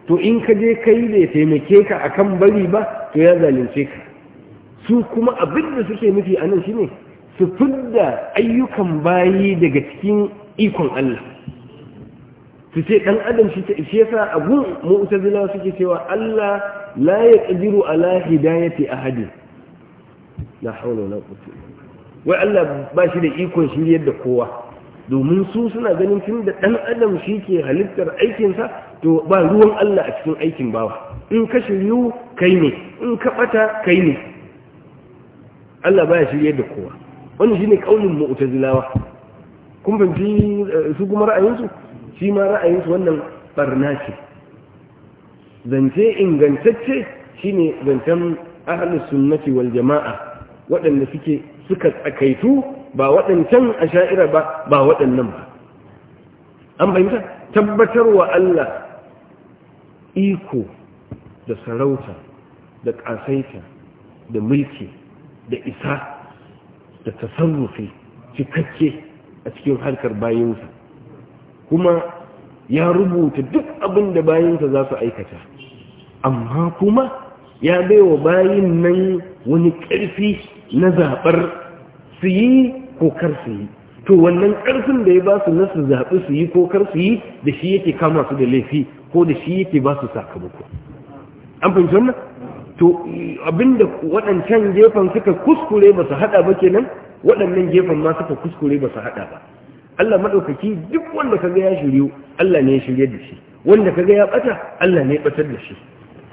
B: to in ka je kai bai taimake ka a kan bari ba to ya zalunce ka su kuma abin da suke nufi a nan shine su fidda ayyukan bayi daga cikin ikon Allah su ce ɗan adam shi yasa abun zina suke cewa Allah la yaqdiru ala hidayati ahadi na hawla na quwwata wai Allah ba shi da ikon shiryar da kowa domin su suna ganin tun da ɗan adam shi ke halittar aikinsa to ba ruwan Allah a cikin aikin bawa in ka shiryu kai ne in ka ɓata kai ne Allah baya shirye da kowa wani shi ne ƙaunin zilawa kun fahimci eh, su kuma ra'ayinsu shi ma ra'ayinsu wannan barna ce zance ingantacce shi ne zancen ahlus sunnati wal jama'a waɗanda suke suka tsakaitu ba waɗancan a sha'ira ba ba waɗannan ba an bayyanta wa Allah iko da sarauta da ƙasaita da mulki da isa da tasarrufi cikakke a cikin harkar bayansa kuma ya rubuta duk abin da bayansa za su aikata amma kuma ya baiwa bayin nan wani ƙarfi na zaɓar su yi ko kar su yi to wannan karfin da ya ba su na su zaɓi su yi ko kar su yi da shi yake kama su da laifi ko da shi yake ba su sakamako an fahimci wannan to abinda waɗancan gefen suka kuskure ba su haɗa ba kenan waɗannan gefen ma suka kuskure ba su haɗa ba Allah maɗaukaki duk wanda kaga ya shiryu Allah ne ya shirye da shi wanda kaga ya ɓata Allah ne ya ɓatar da shi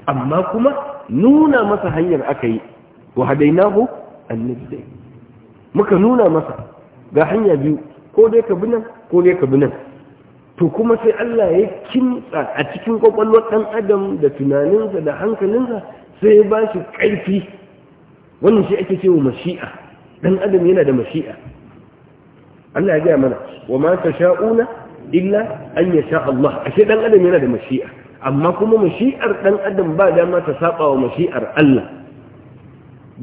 B: amma kuma nuna masa hanyar aka yi wa hadainahu annabi muka nuna masa ga hanya biyu ko dai ka bi nan ko dai ka bi nan to kuma sai Allah ya kinsa a cikin kwakwalwar ɗan adam da tunaninsa da hankalinsa sai ya ba shi ƙarfi wannan shi ake cewa mashi'a ɗan adam yana da mashi'a Allah ya gaya mana wa ma ta sha'una illa an ya sha Allah ashe ɗan adam yana da mashi'a amma kuma mashi'ar ɗan adam ba dama ta saba wa mashi'ar Allah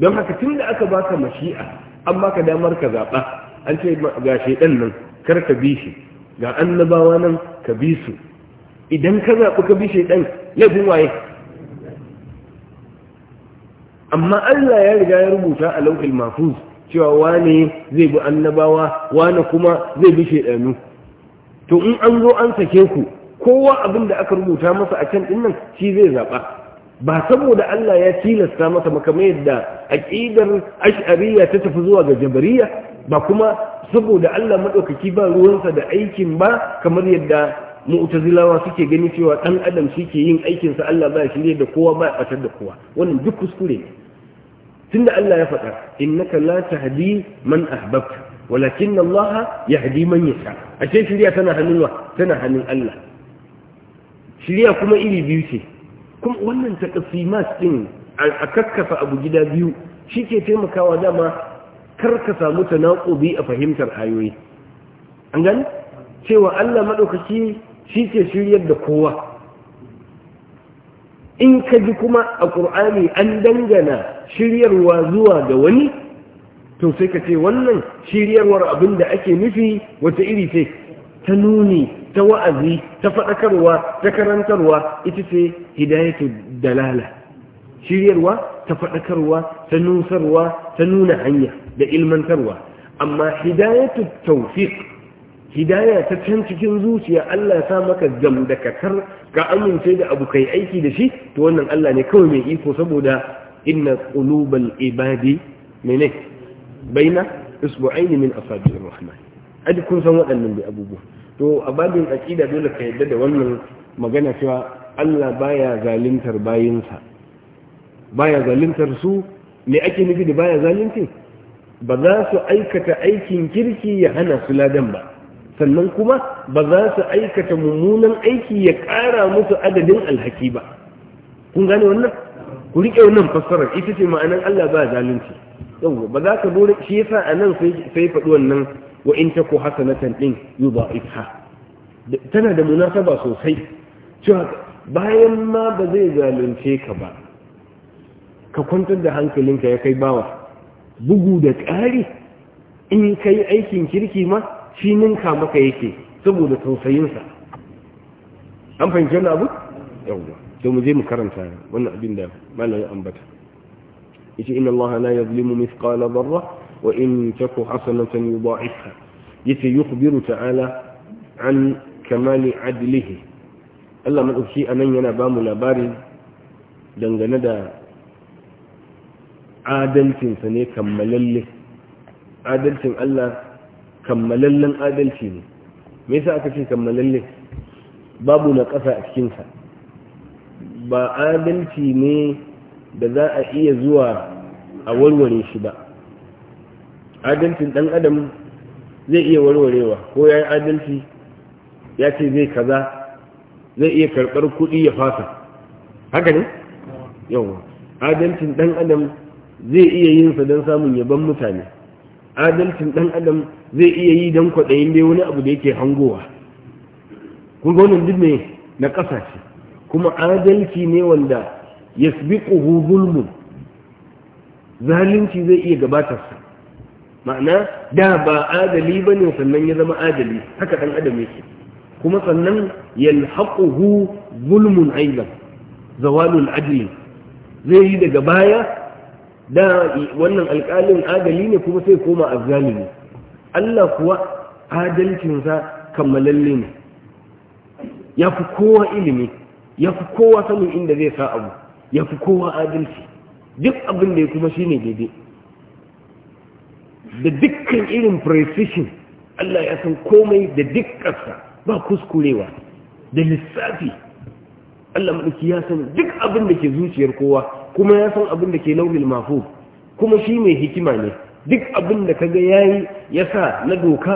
B: don haka tun da aka baka mashi'a an baka damar ka zaɓa an ce ga shaidan nan kar ka bi shi ga annabawa nan ka bi su idan ka zaɓi ka bi shaidan laifin waye amma Allah ya riga ya rubuta a lauhil mahfuz cewa wane zai bi annabawa wane kuma zai bi shaidanu to in an zo an sake ku kowa abin da aka rubuta masa a can dinnan shi zai zaɓa ba saboda Allah ya tilasta masa makamai yadda aƙidar ash'ariya ta tafi zuwa ga jabariya ba kuma saboda Allah maɗaukaki ba ruwansa da aikin ba kamar yadda mu'tazilawa suke gani cewa ɗan adam suke yin yin aikinsa Allah ba shi da kowa ba ya da kowa wannan duk kuskure ne tunda Allah ya faɗa innaka la tahdi man ahbabta walakin Allah yahdi man yasha ashe shiriya tana hannun tana hannun Allah Shiri'a kuma iri biyu ce kuma wannan takasimat din a kakkafa abu gida biyu shi ke taimakawa dama kar ka samu tanaƙubi a fahimtar ayoyi an gani cewa Allah maɗaukaki shi ke shiryar da kowa in ka ji kuma a ƙur'ani an dangana shiryarwa zuwa ga wani to sai ka ce wannan shiryarwar abin da ake nufi wata iri ce ta nuni ta wa'azi ta faɗakarwa ta karantarwa ita ce hidayatu dalala shiryarwa ta faɗakarwa ta nusarwa ta nuna hanya da ilmantarwa amma hidayatu tawfiq hidaya ta can cikin zuciya Allah ya sa maka gamdakatar ka amince da abu kai aiki da shi to wannan Allah ne kawai mai iko saboda inna qulubal ibadi mene baina isbu'aini min asabi'ir rahman adi kun san waɗannan da abubuwa to a babin aqida dole ka yadda da wannan magana cewa Allah baya zalintar bayinsa baya zalintar su me ake nufi da baya zalunci ba za su aikata aikin kirki ya hana su ladan ba sannan kuma ba za su aikata mummunan aiki ya ƙara musu adadin alhaki ba kun gane wannan ku riƙe wannan fassara. ita ce ma'anar Allah ba zalunci yau ba za ka zo shi yasa a nan sai faɗi wannan wa in taku hasanatan din yudha'ifha tana da munasaba sosai cewa bayan ma ba zai zalunce ka ba ka kwantar da hankalinka ya kai bawa bugu da ƙari in ka yi aikin kirki ma shi ninka maka yake saboda tausayinsa an fahimci wani abu? yawwa to mu je mu karanta wannan abin da malamin ambata yace inna allaha la yuzlimu mithqala dharra wa in taku hasanatan yudha'ifha yace yukhbiru ta'ala an kamali adlihi Allah madauki anan yana ba mu labari dangane da adalcinsa ne kammalalle adalcin Allah kammalallen adalci ne me yasa aka ce kammalalle babu na ƙasa a cikinsa ba adalci ne da za a iya zuwa a warware shi ba adalcin dan adam zai iya warwarewa ko ya yi adalci ya ce zai kaza zai iya karɓar kuɗi ya fasa haka ne yawa adalcin dan adam zai iya yin sa don samun yaban mutane adalcin dan adam zai iya yi don kwaɗayin dai wani abu da yake hangowa kun ga wannan dinne na ƙasa ce kuma adalci ne wanda yasbiquhu zulmun zalunci zai iya gabatarsa ma'ana da ba adali ba ne sannan ya zama adali haka ɗan adam yake kuma sannan yalhaquhu gulmun aidan zawalul adli zai yi daga baya da wannan alƙalin adali ne kuma sai koma azzalimi Allah kuwa adalcinsa kammalalle ne ya fi kowa ilimi ya fi kowa sanin inda zai sa abu ya fi kowa adalci duk abin da ya kuma shine daidai da dukkan irin precision Allah ya san komai da dukkansa ba kuskurewa da lissafi Allah maɗauki ya san duk abin da ke zuciyar kowa kuma ya san abin da ke launin mafu kuma shi mai hikima ne duk abin da kaga yayi ya sa na doka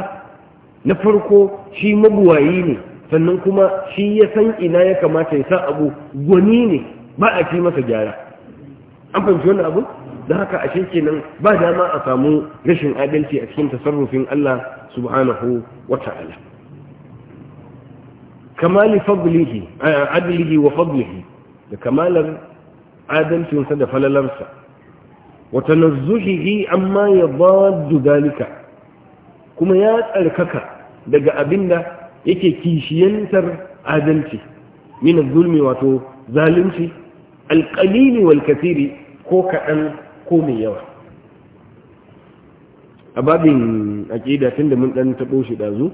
B: na farko shi mabuwayi ne sannan kuma shi ya san ina ya kamata ya sa abu gwani ne ba a ce masa gyara an fahimci wannan abu da haka ashe kenan ba dama a samu rashin adalci a cikin tasarrufin Allah subhanahu wa ta'ala kamali fadlihi wa fadlihi da kamalar adalcinsa da falalarsa wata nazuhihi amma da dalika kuma ya tsarkaka daga abinda yake kishiyantar adalci min zulmi wato zalunci alƙalini wal kathiri ko kaɗan ko mai yawa a babin aƙida tun da mun ɗan taɓo shi ɗazu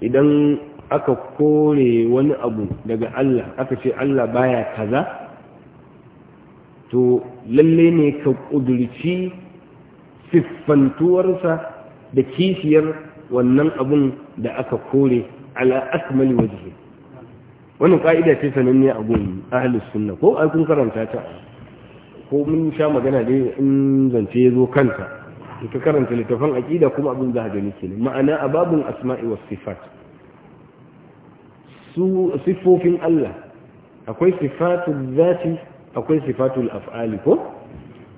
B: idan aka kore wani abu daga Allah aka ce Allah baya kaza to lalle ne ka ƙudurci siffantuwarsa da kishiyar wannan abun da aka kore ala akmali wajihi wannan ƙa'ida ce sananne a gun ahalus sunna ko ai kun karanta ta ko mun sha magana da in zance ya zo kanta ka karanta littafan aqida kuma abin za a gani ne ma'ana a babun asma'i was sifat su sifofin Allah akwai sifatul zati akwai sifatul af'ali ko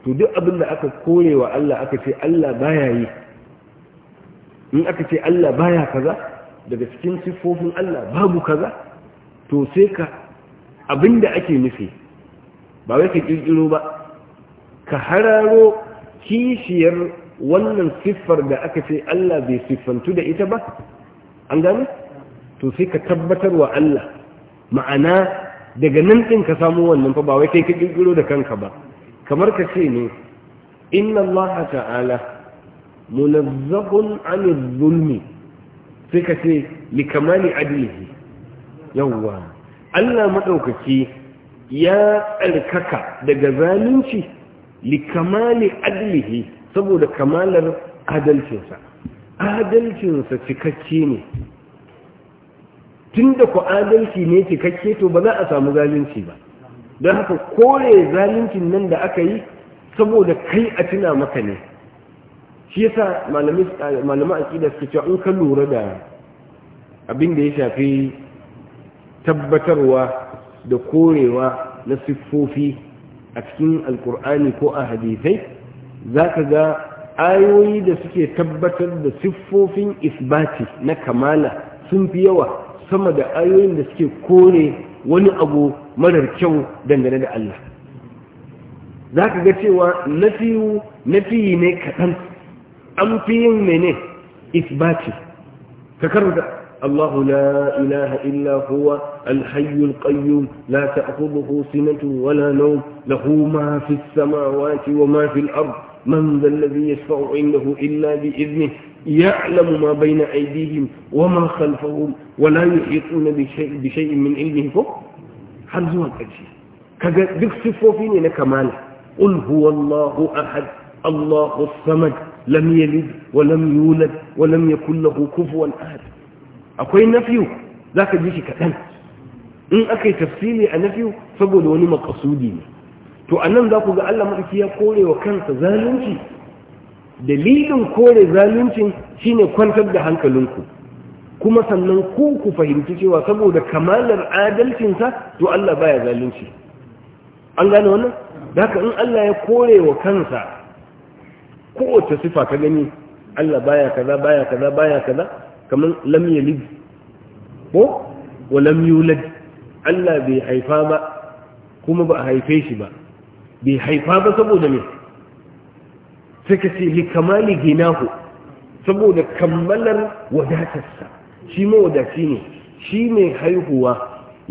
B: to duk abin da aka kore wa Allah aka ce Allah baya yi in aka ce Allah baya kaza daga cikin siffofin Allah babu kaza to sai ka abin da ake nufi ba wai ka kirkiro ba ka hararo kishiyar wannan siffar da aka ce Allah bai siffantu da ita ba an to sai ka tabbatar wa Allah ma'ana daga nan din ka samu wannan fa ba wai kai ka kirkiro da kanka ba kamar ka ce ne inna Allah ta'ala munazzahun 'anil zulmi sai ka ce li kamali adlihi yawwa Allah madaukaki ya alkaka daga zalunci likamali adlihi saboda kamalar adalcinsa adalcinsa cikakke ne tunda ku adalci ne cikakke to ba za a samu zalunci ba don haka kore zaluncin nan da aka yi saboda kai a tuna maka ne shi yasa malamai aqida suke cewa in ka lura da abin da ya shafi tabbatarwa da korewa na siffofi a cikin alkur'ani ko a hadisai za ka ga ayoyi da suke tabbatar da siffofin isbati na kamala sun fi yawa sama da ayoyin da suke kore wani abu marar kyau dangane da Allah za ka ga cewa nafiyu nafiyi ne kaɗan an fi yin mene isbati ka الله لا إله إلا هو الحي القيوم لا تأخذه سنة ولا نوم له ما في السماوات وما في الأرض من ذا الذي يشفع عنده إلا بإذنه يعلم ما بين أيديهم وما خلفهم ولا يحيطون بشيء, بشيء من علمه فوق har zuwa كذلك kaga فينا كمال قل هو الله أحد الله ahad لم يلد ولم يولد ولم يكن له كفوا أحد akwai nafiyu za ka ji shi kaɗan in aka yi tafsiri a nafiyu saboda wani makasudi ne to a nan za ku ga allah maɗauki ya kore wa kansa zalunci dalilin kore zaluncin shine kwantar da hankalinku kuma sannan ku ku fahimci cewa saboda kamalar adalcinsa to allah baya zalunci an gane wannan haka in allah ya kore wa kansa kowace sifa ka gani allah baya kaza baya kaza baya kaza kamar lam yalid ko wa lam yulad Allah bai haifa ba kuma ba a haife shi ba bai haifa ba saboda me sai ka ce likamali ginahu saboda kammalar wadatarsa shi mawadaci ne shi mai haihuwa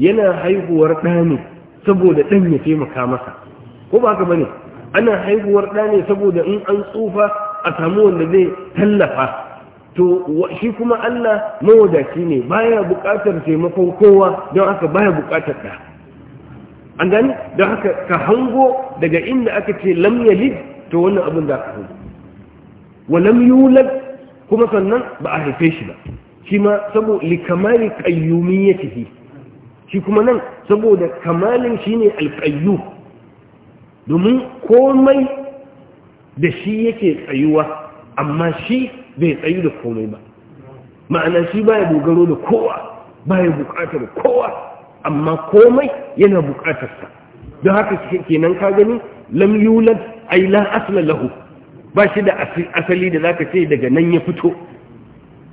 B: yana haihuwar ɗa ne saboda ɗan ya taimaka masa ko ba haka bane ana haihuwar ɗa ne saboda in an tsufa a samu wanda zai tallafa to shi kuma Allah mawadaci ne baya buƙatar taimakon kowa don haka baya bukatar da. an gani don haka ka hango daga inda aka ce lam yalid to wannan abin da aka hango wa lam yulad kuma sannan ba a haife shi ba shi ma sabo likamari tafi. shi kuma nan saboda kamalin shi ne alƙayyu domin komai da shi yake tsayuwa amma shi bai tsayu da komai ba ma'ana shi baya dogaro da kowa baya bukatar kowa amma komai yana bukatarsa don haka kenan ka gani lam yulad ay la asla lahu ba shi da asali da zaka ce daga nan ya fito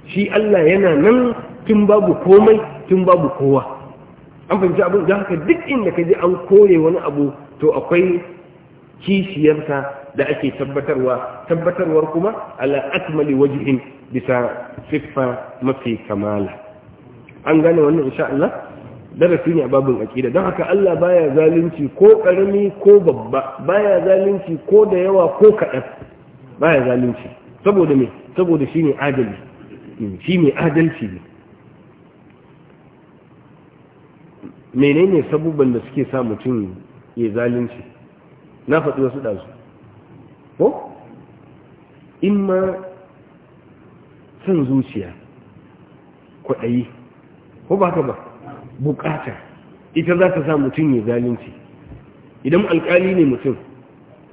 B: shi Allah yana nan tun babu komai tun babu kowa an fahimci abin da haka duk inda ka je an kore wani abu to akwai kishiyarsa da ake tabbatarwa tabbatarwar kuma ala akmali wajhin bisa siffa mafi kamala an gane wannan insha Allah darasi ne a babin aqida don haka Allah baya zalunci ko karami ko babba baya zalunci ko da yawa ko kadan baya zalunci saboda me saboda shine adali hmm, shine adalci ne menene sabubban da suke sa mutum ya zalunci na faɗi wasu ɗazu ko in ma son zuciya kwaɗayi ko ba ka ba bukata ita za ta sa mutum ya zalunci idan alkali ne mutum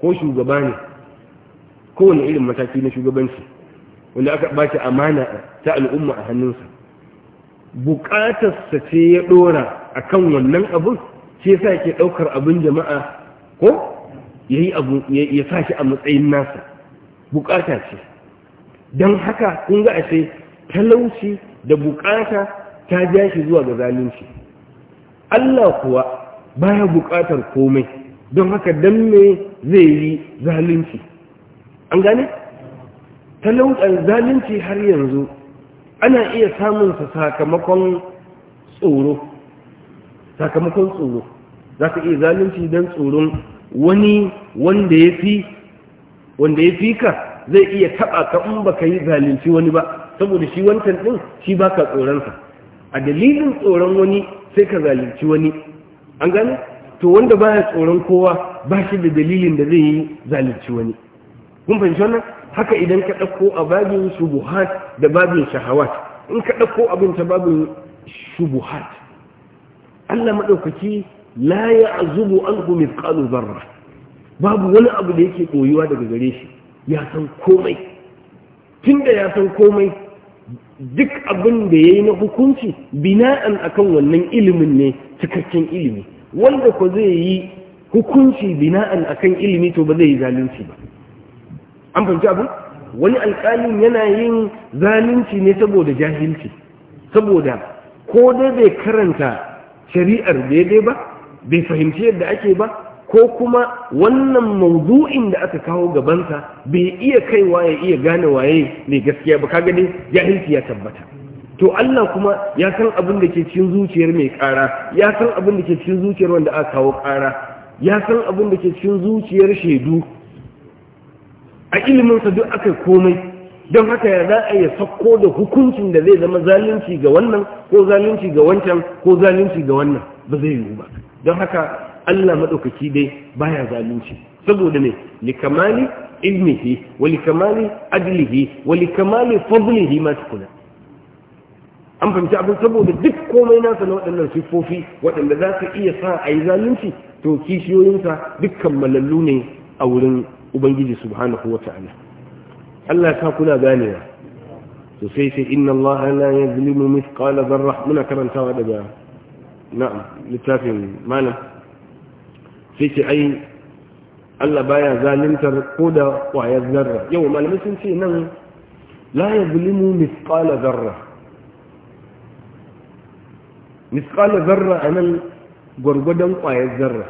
B: ko shugaba ne kowane irin mataki na shugabanci wanda aka bashi amana ta al'umma a hannunsa bukatarsa ce ya dora kan wannan abun ce sa ke ɗaukar abin jama'a ko ya yi abu ya sa a matsayin nasa bukata ce don haka kun ga ashe talauci da bukata ta ja shi zuwa ga zalunci Allah kuwa baya bukatar komai don haka dan me zai yi zalunci an gane talautar zalunci har yanzu ana iya samunsa sakamakon tsoro sakamakon tsoro za ka iya zalunci don tsoron wani wanda ya fi wanda ya fi ka zai iya taɓa ka in baka yi zalunci wani ba saboda shi wancan ɗin shi baka tsoronsa a dalilin tsoron wani sai ka zalunci wani an gane to wanda baya tsoron kowa ba shi da dalilin da zai yi zalunci wani kun fahimci wannan haka idan ka ɗauko a babin shubuhat da babin shahawat in ka ɗauko abin ta babin shubuhat Allah maɗaukaki la ya'zubu anhu mithqalu zarra. babu wani abu da yake koyuwa daga gare shi ya san komai tunda ya san komai duk abin da yayi na hukunci bina'an akan wannan ilimin ne cikakken ilimi wanda ko zai yi hukunci bina'an akan ilimi to ba zai yi zalunci ba an fahimci abin wani alƙalin yana yin zalunci ne saboda jahilci saboda ko dai bai karanta shari'ar daidai ba bai fahimci yadda ake ba ko kuma wannan mawdu'in da aka kawo gabansa bai iya kaiwa ya iya gane waye mai gaskiya ba kaga dai jahilci ya tabbata to Allah kuma ya san abin da ke cikin zuciyar mai kara ya san abin da ke cikin zuciyar wanda aka kawo kara ya san abin da ke cikin zuciyar shaidu a iliminsa duk aka komai don haka ya za a yi sakko da hukuncin da zai zama zalunci ga wannan ko zalunci ga wancan ko zalunci ga wannan ba zai yiwu ba don haka Allah maɗaukaki dai baya zalunci saboda ne likamali ilmihi wa likamali adilihi wa likamali fadlihi ma tukuna an fahimci abin saboda duk komai nasa na waɗannan siffofi waɗanda za su iya sa a yi zalunci to kishiyoyinsa dukkan malallu ne a wurin ubangiji subhanahu wa ta'ala Allah ta kuna ganewa to sai sai inna Allah la yazlimu mithqala dharra muna karantawa daga na'am littafin malam sai ai Allah baya zalimtar ko da ƙwayar zarra yau malamai sun ce nan la yazlimu misqala zarra misqala zarra anan gwargwadon ƙwayar zarra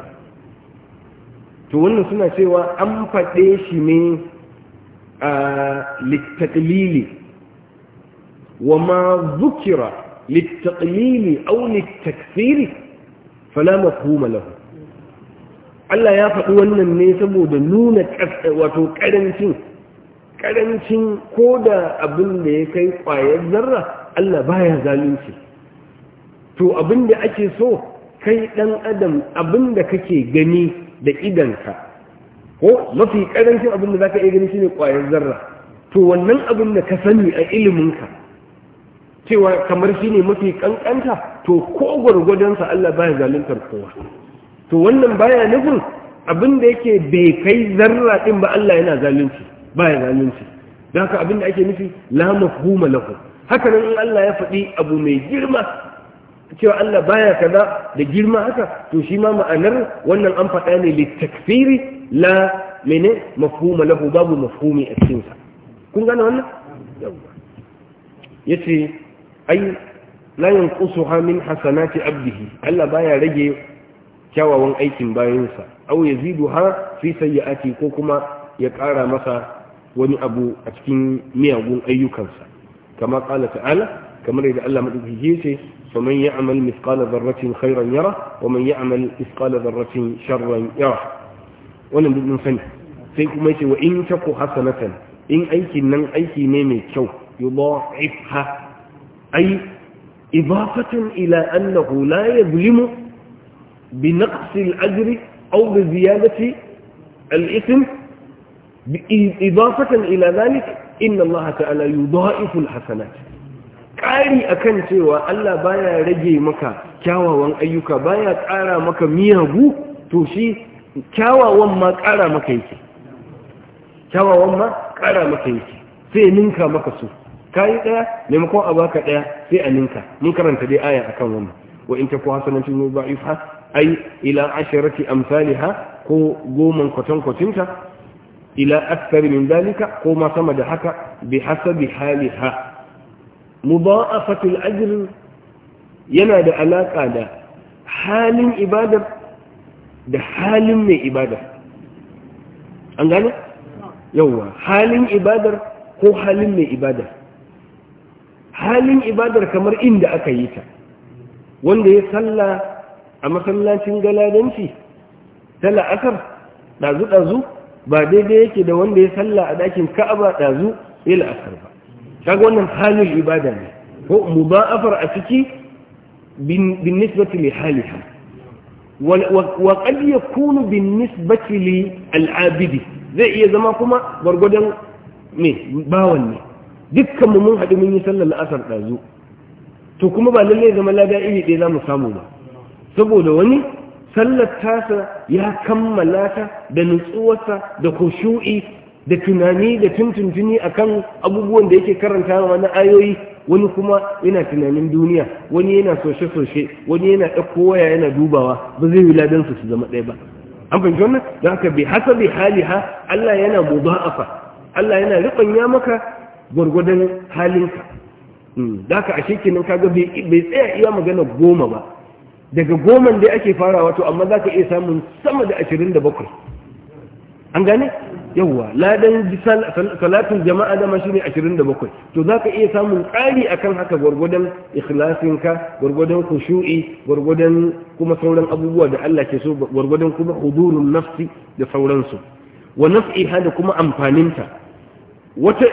B: to wannan suna cewa an faɗe shi ne a littaklili wa ma zukira للتقليل أو للتكثير فلا مفهوم له Allah ya faɗi wannan ne saboda nuna wato ƙarancin ƙarancin ko da abin da ya kai ƙwayar zarra Allah baya zalunci to abin da ake so kai ɗan adam abin da kake gani da idanka ko mafi ƙarancin abin da za ka iya gani shine ƙwayar zarra to wannan abin da ka sani a iliminka cewa kamar shi ne mafi kankanta to ko gwargwadonsa Allah baya zaluntar kowa to wannan baya nufin abin da yake bai kai zarra ɗin ba Allah yana zalunci baya zalunci don haka abin da ake nufi la mafhuma lahu haka nan in Allah ya faɗi abu mai girma cewa Allah baya kaza da girma haka to shi ma ma'anar wannan an faɗa ne litakfiri la mene mafhuma lahu babu mafhumi a cikinsa. sa kun gane wannan yace ai la yanqusuha min hasanati abdihi Allah baya rage kyawawan aikin bayansa au ya aw yaziduha fi sayyiati ko kuma ya kara masa wani abu a cikin miyagun ayyukansa kama qala ta'ala kamar yadda Allah madaukake ce faman ya'mal mithqala dharratin khairan yara wa man ya'mal mithqala dharratin sharran yara wannan duk mun sani sai kuma yace wa in taku hasanatan in aikin nan aiki ne mai kyau yudha'ifha ai ibafatun ila annahu la yazlimu bi naqsi al-ajri aw bi ziyadati al-ithm إضافة إلى ذلك إن الله تعالى يضائف الحسنات ƙari a kan cewa Allah baya rage maka kyawawan ayyuka baya ƙara maka miyagu to shi kyawawan ma ƙara maka yake kyawawan ma ƙara maka yake sai ninka maka su ka yi ɗaya maimakon a baka ɗaya sai a ninka mun karanta dai aya a kan wannan wa in taku hasanatin yudha'ifha ai ila asharati ha, ko goman kwatan kwatinta ila aksari min dalika ko ma sama da haka bi hasabi a mudha'afatul ajr yana da alaƙa da halin ibadar da halin mai ibadar an gane yawwa halin ibadar ko halin mai ibadar halin ibadar kamar inda aka yi ta wanda ya salla a masallacin galadanci ta la'asar ɗazu-ɗazu ba daidai yake da wanda ya salla a ɗakin ka'aba ɗazu ya la'asar ba kaga wannan halin ibada ne ko afar a ciki bin nisbati li haliha wa qad yakunu bin nisbati li al'abidi zai iya zama kuma gwargwadon me bawan ne dukkan mu mun haɗu mun yi sallar la'asar ɗazu to kuma ba lallai zama lada iri ɗaya za mu samu ba saboda wani sallar tasa ya kammala ta da nutsuwarsa da kushu'i da tunani da tuntuntuni akan abubuwan da yake karanta wa na ayoyi wani kuma yana tunanin duniya wani yana soshe-soshe wani yana ɗauko waya yana dubawa ba zai yi ladan su zama ɗaya ba an fahimci wannan don haka bi hasa bi hali ha, Allah yana afa, Allah yana riɓanya maka gwargwadon halinka hmm. da ka ashe kenan kaga bai tsaya iya magana goma ba daga goma dai ake farawa to amma za ka iya samun sama da ashirin da bakwai an gane yawwa ladan salatin jama'a dama shi ne ashirin da bakwai to za ka iya samun ƙari akan haka gwargwadon ikhlasinka gwargwadon kushu'i gwargwadon kuma sauran abubuwa da Allah ke so gwargwadon kuma hudurun nafsi da sauransu wa naf'i da kuma amfaninta wata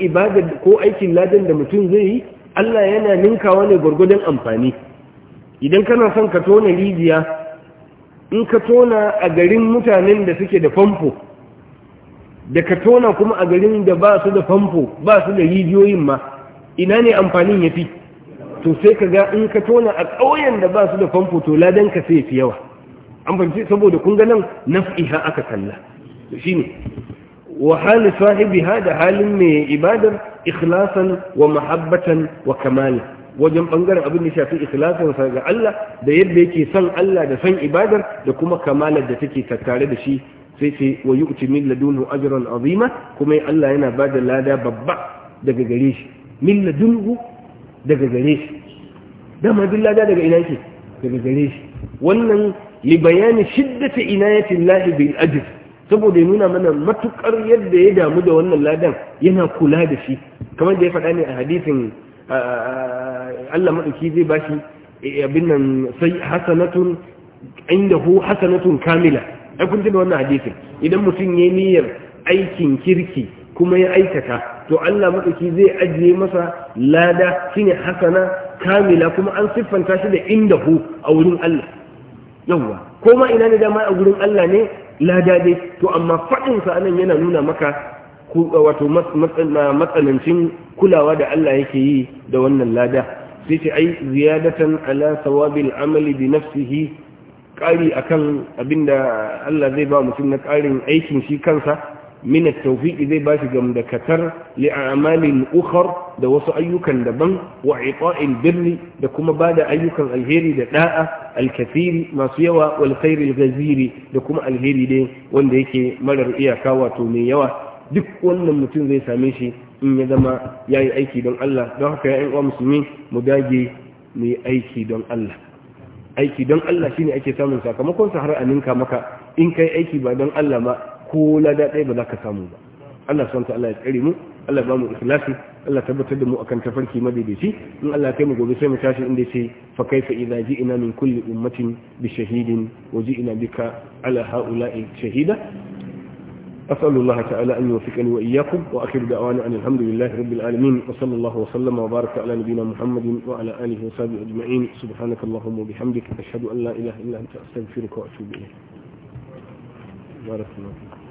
B: ibada ko aikin ladan da mutum zai yi Allah yana ninkawa ne gwargwadon amfani idan kana son ka tona rijiya in ka tona a garin mutanen da suke da famfo da ka tona kuma a garin da ba su da famfo ba su da rijiyoyin ma ina ne amfanin ya fi to sai ka ga in ka tona a ƙauyen da ba su da famfo to ladan ka sai fi yawa an saboda kun ga nan naf'iha aka kalla shi ne wa hali sahibiha da halin mai ibadar ikhlasan wa mahabbatan wa kamala wajen ɓangaren abin da shafi ikhlasan sa ga Allah da yadda yake son Allah da son ibadar da kuma kamalar da take tattare da shi sai sai wa yu'ti min ladunhu ajran azima kuma Allah yana bada lada babba daga gare shi min ladunhu daga gare shi dama duk lada daga ina yake daga gare shi wannan li bayani shiddati inayatin lahi bil ajr saboda ya nuna mana matukar yadda ya damu da wannan ladan yana kula da shi kamar da ya faɗa ne a hadisin Allah maɗauki zai ba shi eh, abin nan sai hasanatun inda hu hasanatun kamila ai kun tuna wannan hadisin idan mutum ya niyyar aikin kirki kuma ya aikata to Allah maɗauki zai ajiye masa lada shine hasana kamila kuma an siffanta shi da inda hu a wurin Allah yawwa ko ma ina ne dama a wurin Allah ne lada dai to amma faɗinsa anan yana nuna maka uh, wato matsanancin kulawa da Allah yake yi da wannan lada sai ce ai ziyadatan ala sawabil amali bi nafsihi ƙari akan abinda Allah zai ba mutum na ƙarin aikin shi kansa min at-tawfiq zai ba shi gamdakatar li a'malin ukhar da wasu ayyukan daban wa ita'il birri da kuma ba da ayyukan alheri da Ɗa'a. al masu yawa wal khair da kuma alheri dai wanda yake marar iyaka wato mai yawa duk wannan mutum zai same shi in ya zama yayi aiki don Allah don haka ya'in uwa musulmi mu dage mu aiki don Allah aiki don Allah shine ake samun sakamakon sahara a ninka maka in kai aiki ba don Allah ba فكيف إذا جئنا من كل أمة بشهيد وجئنا بك على هؤلاء الشهيدة أسأل الله تعالى أن يوفقني وإياكم وأخر دعوانا أن الحمد لله رب العالمين وصلى الله وسلم وبارك على نبينا محمد وعلى آله وصحبه أجمعين سبحانك اللهم وبحمدك أشهد أن لا إله إلا أنت أستغفرك وأتوب إليك بارك الله فيك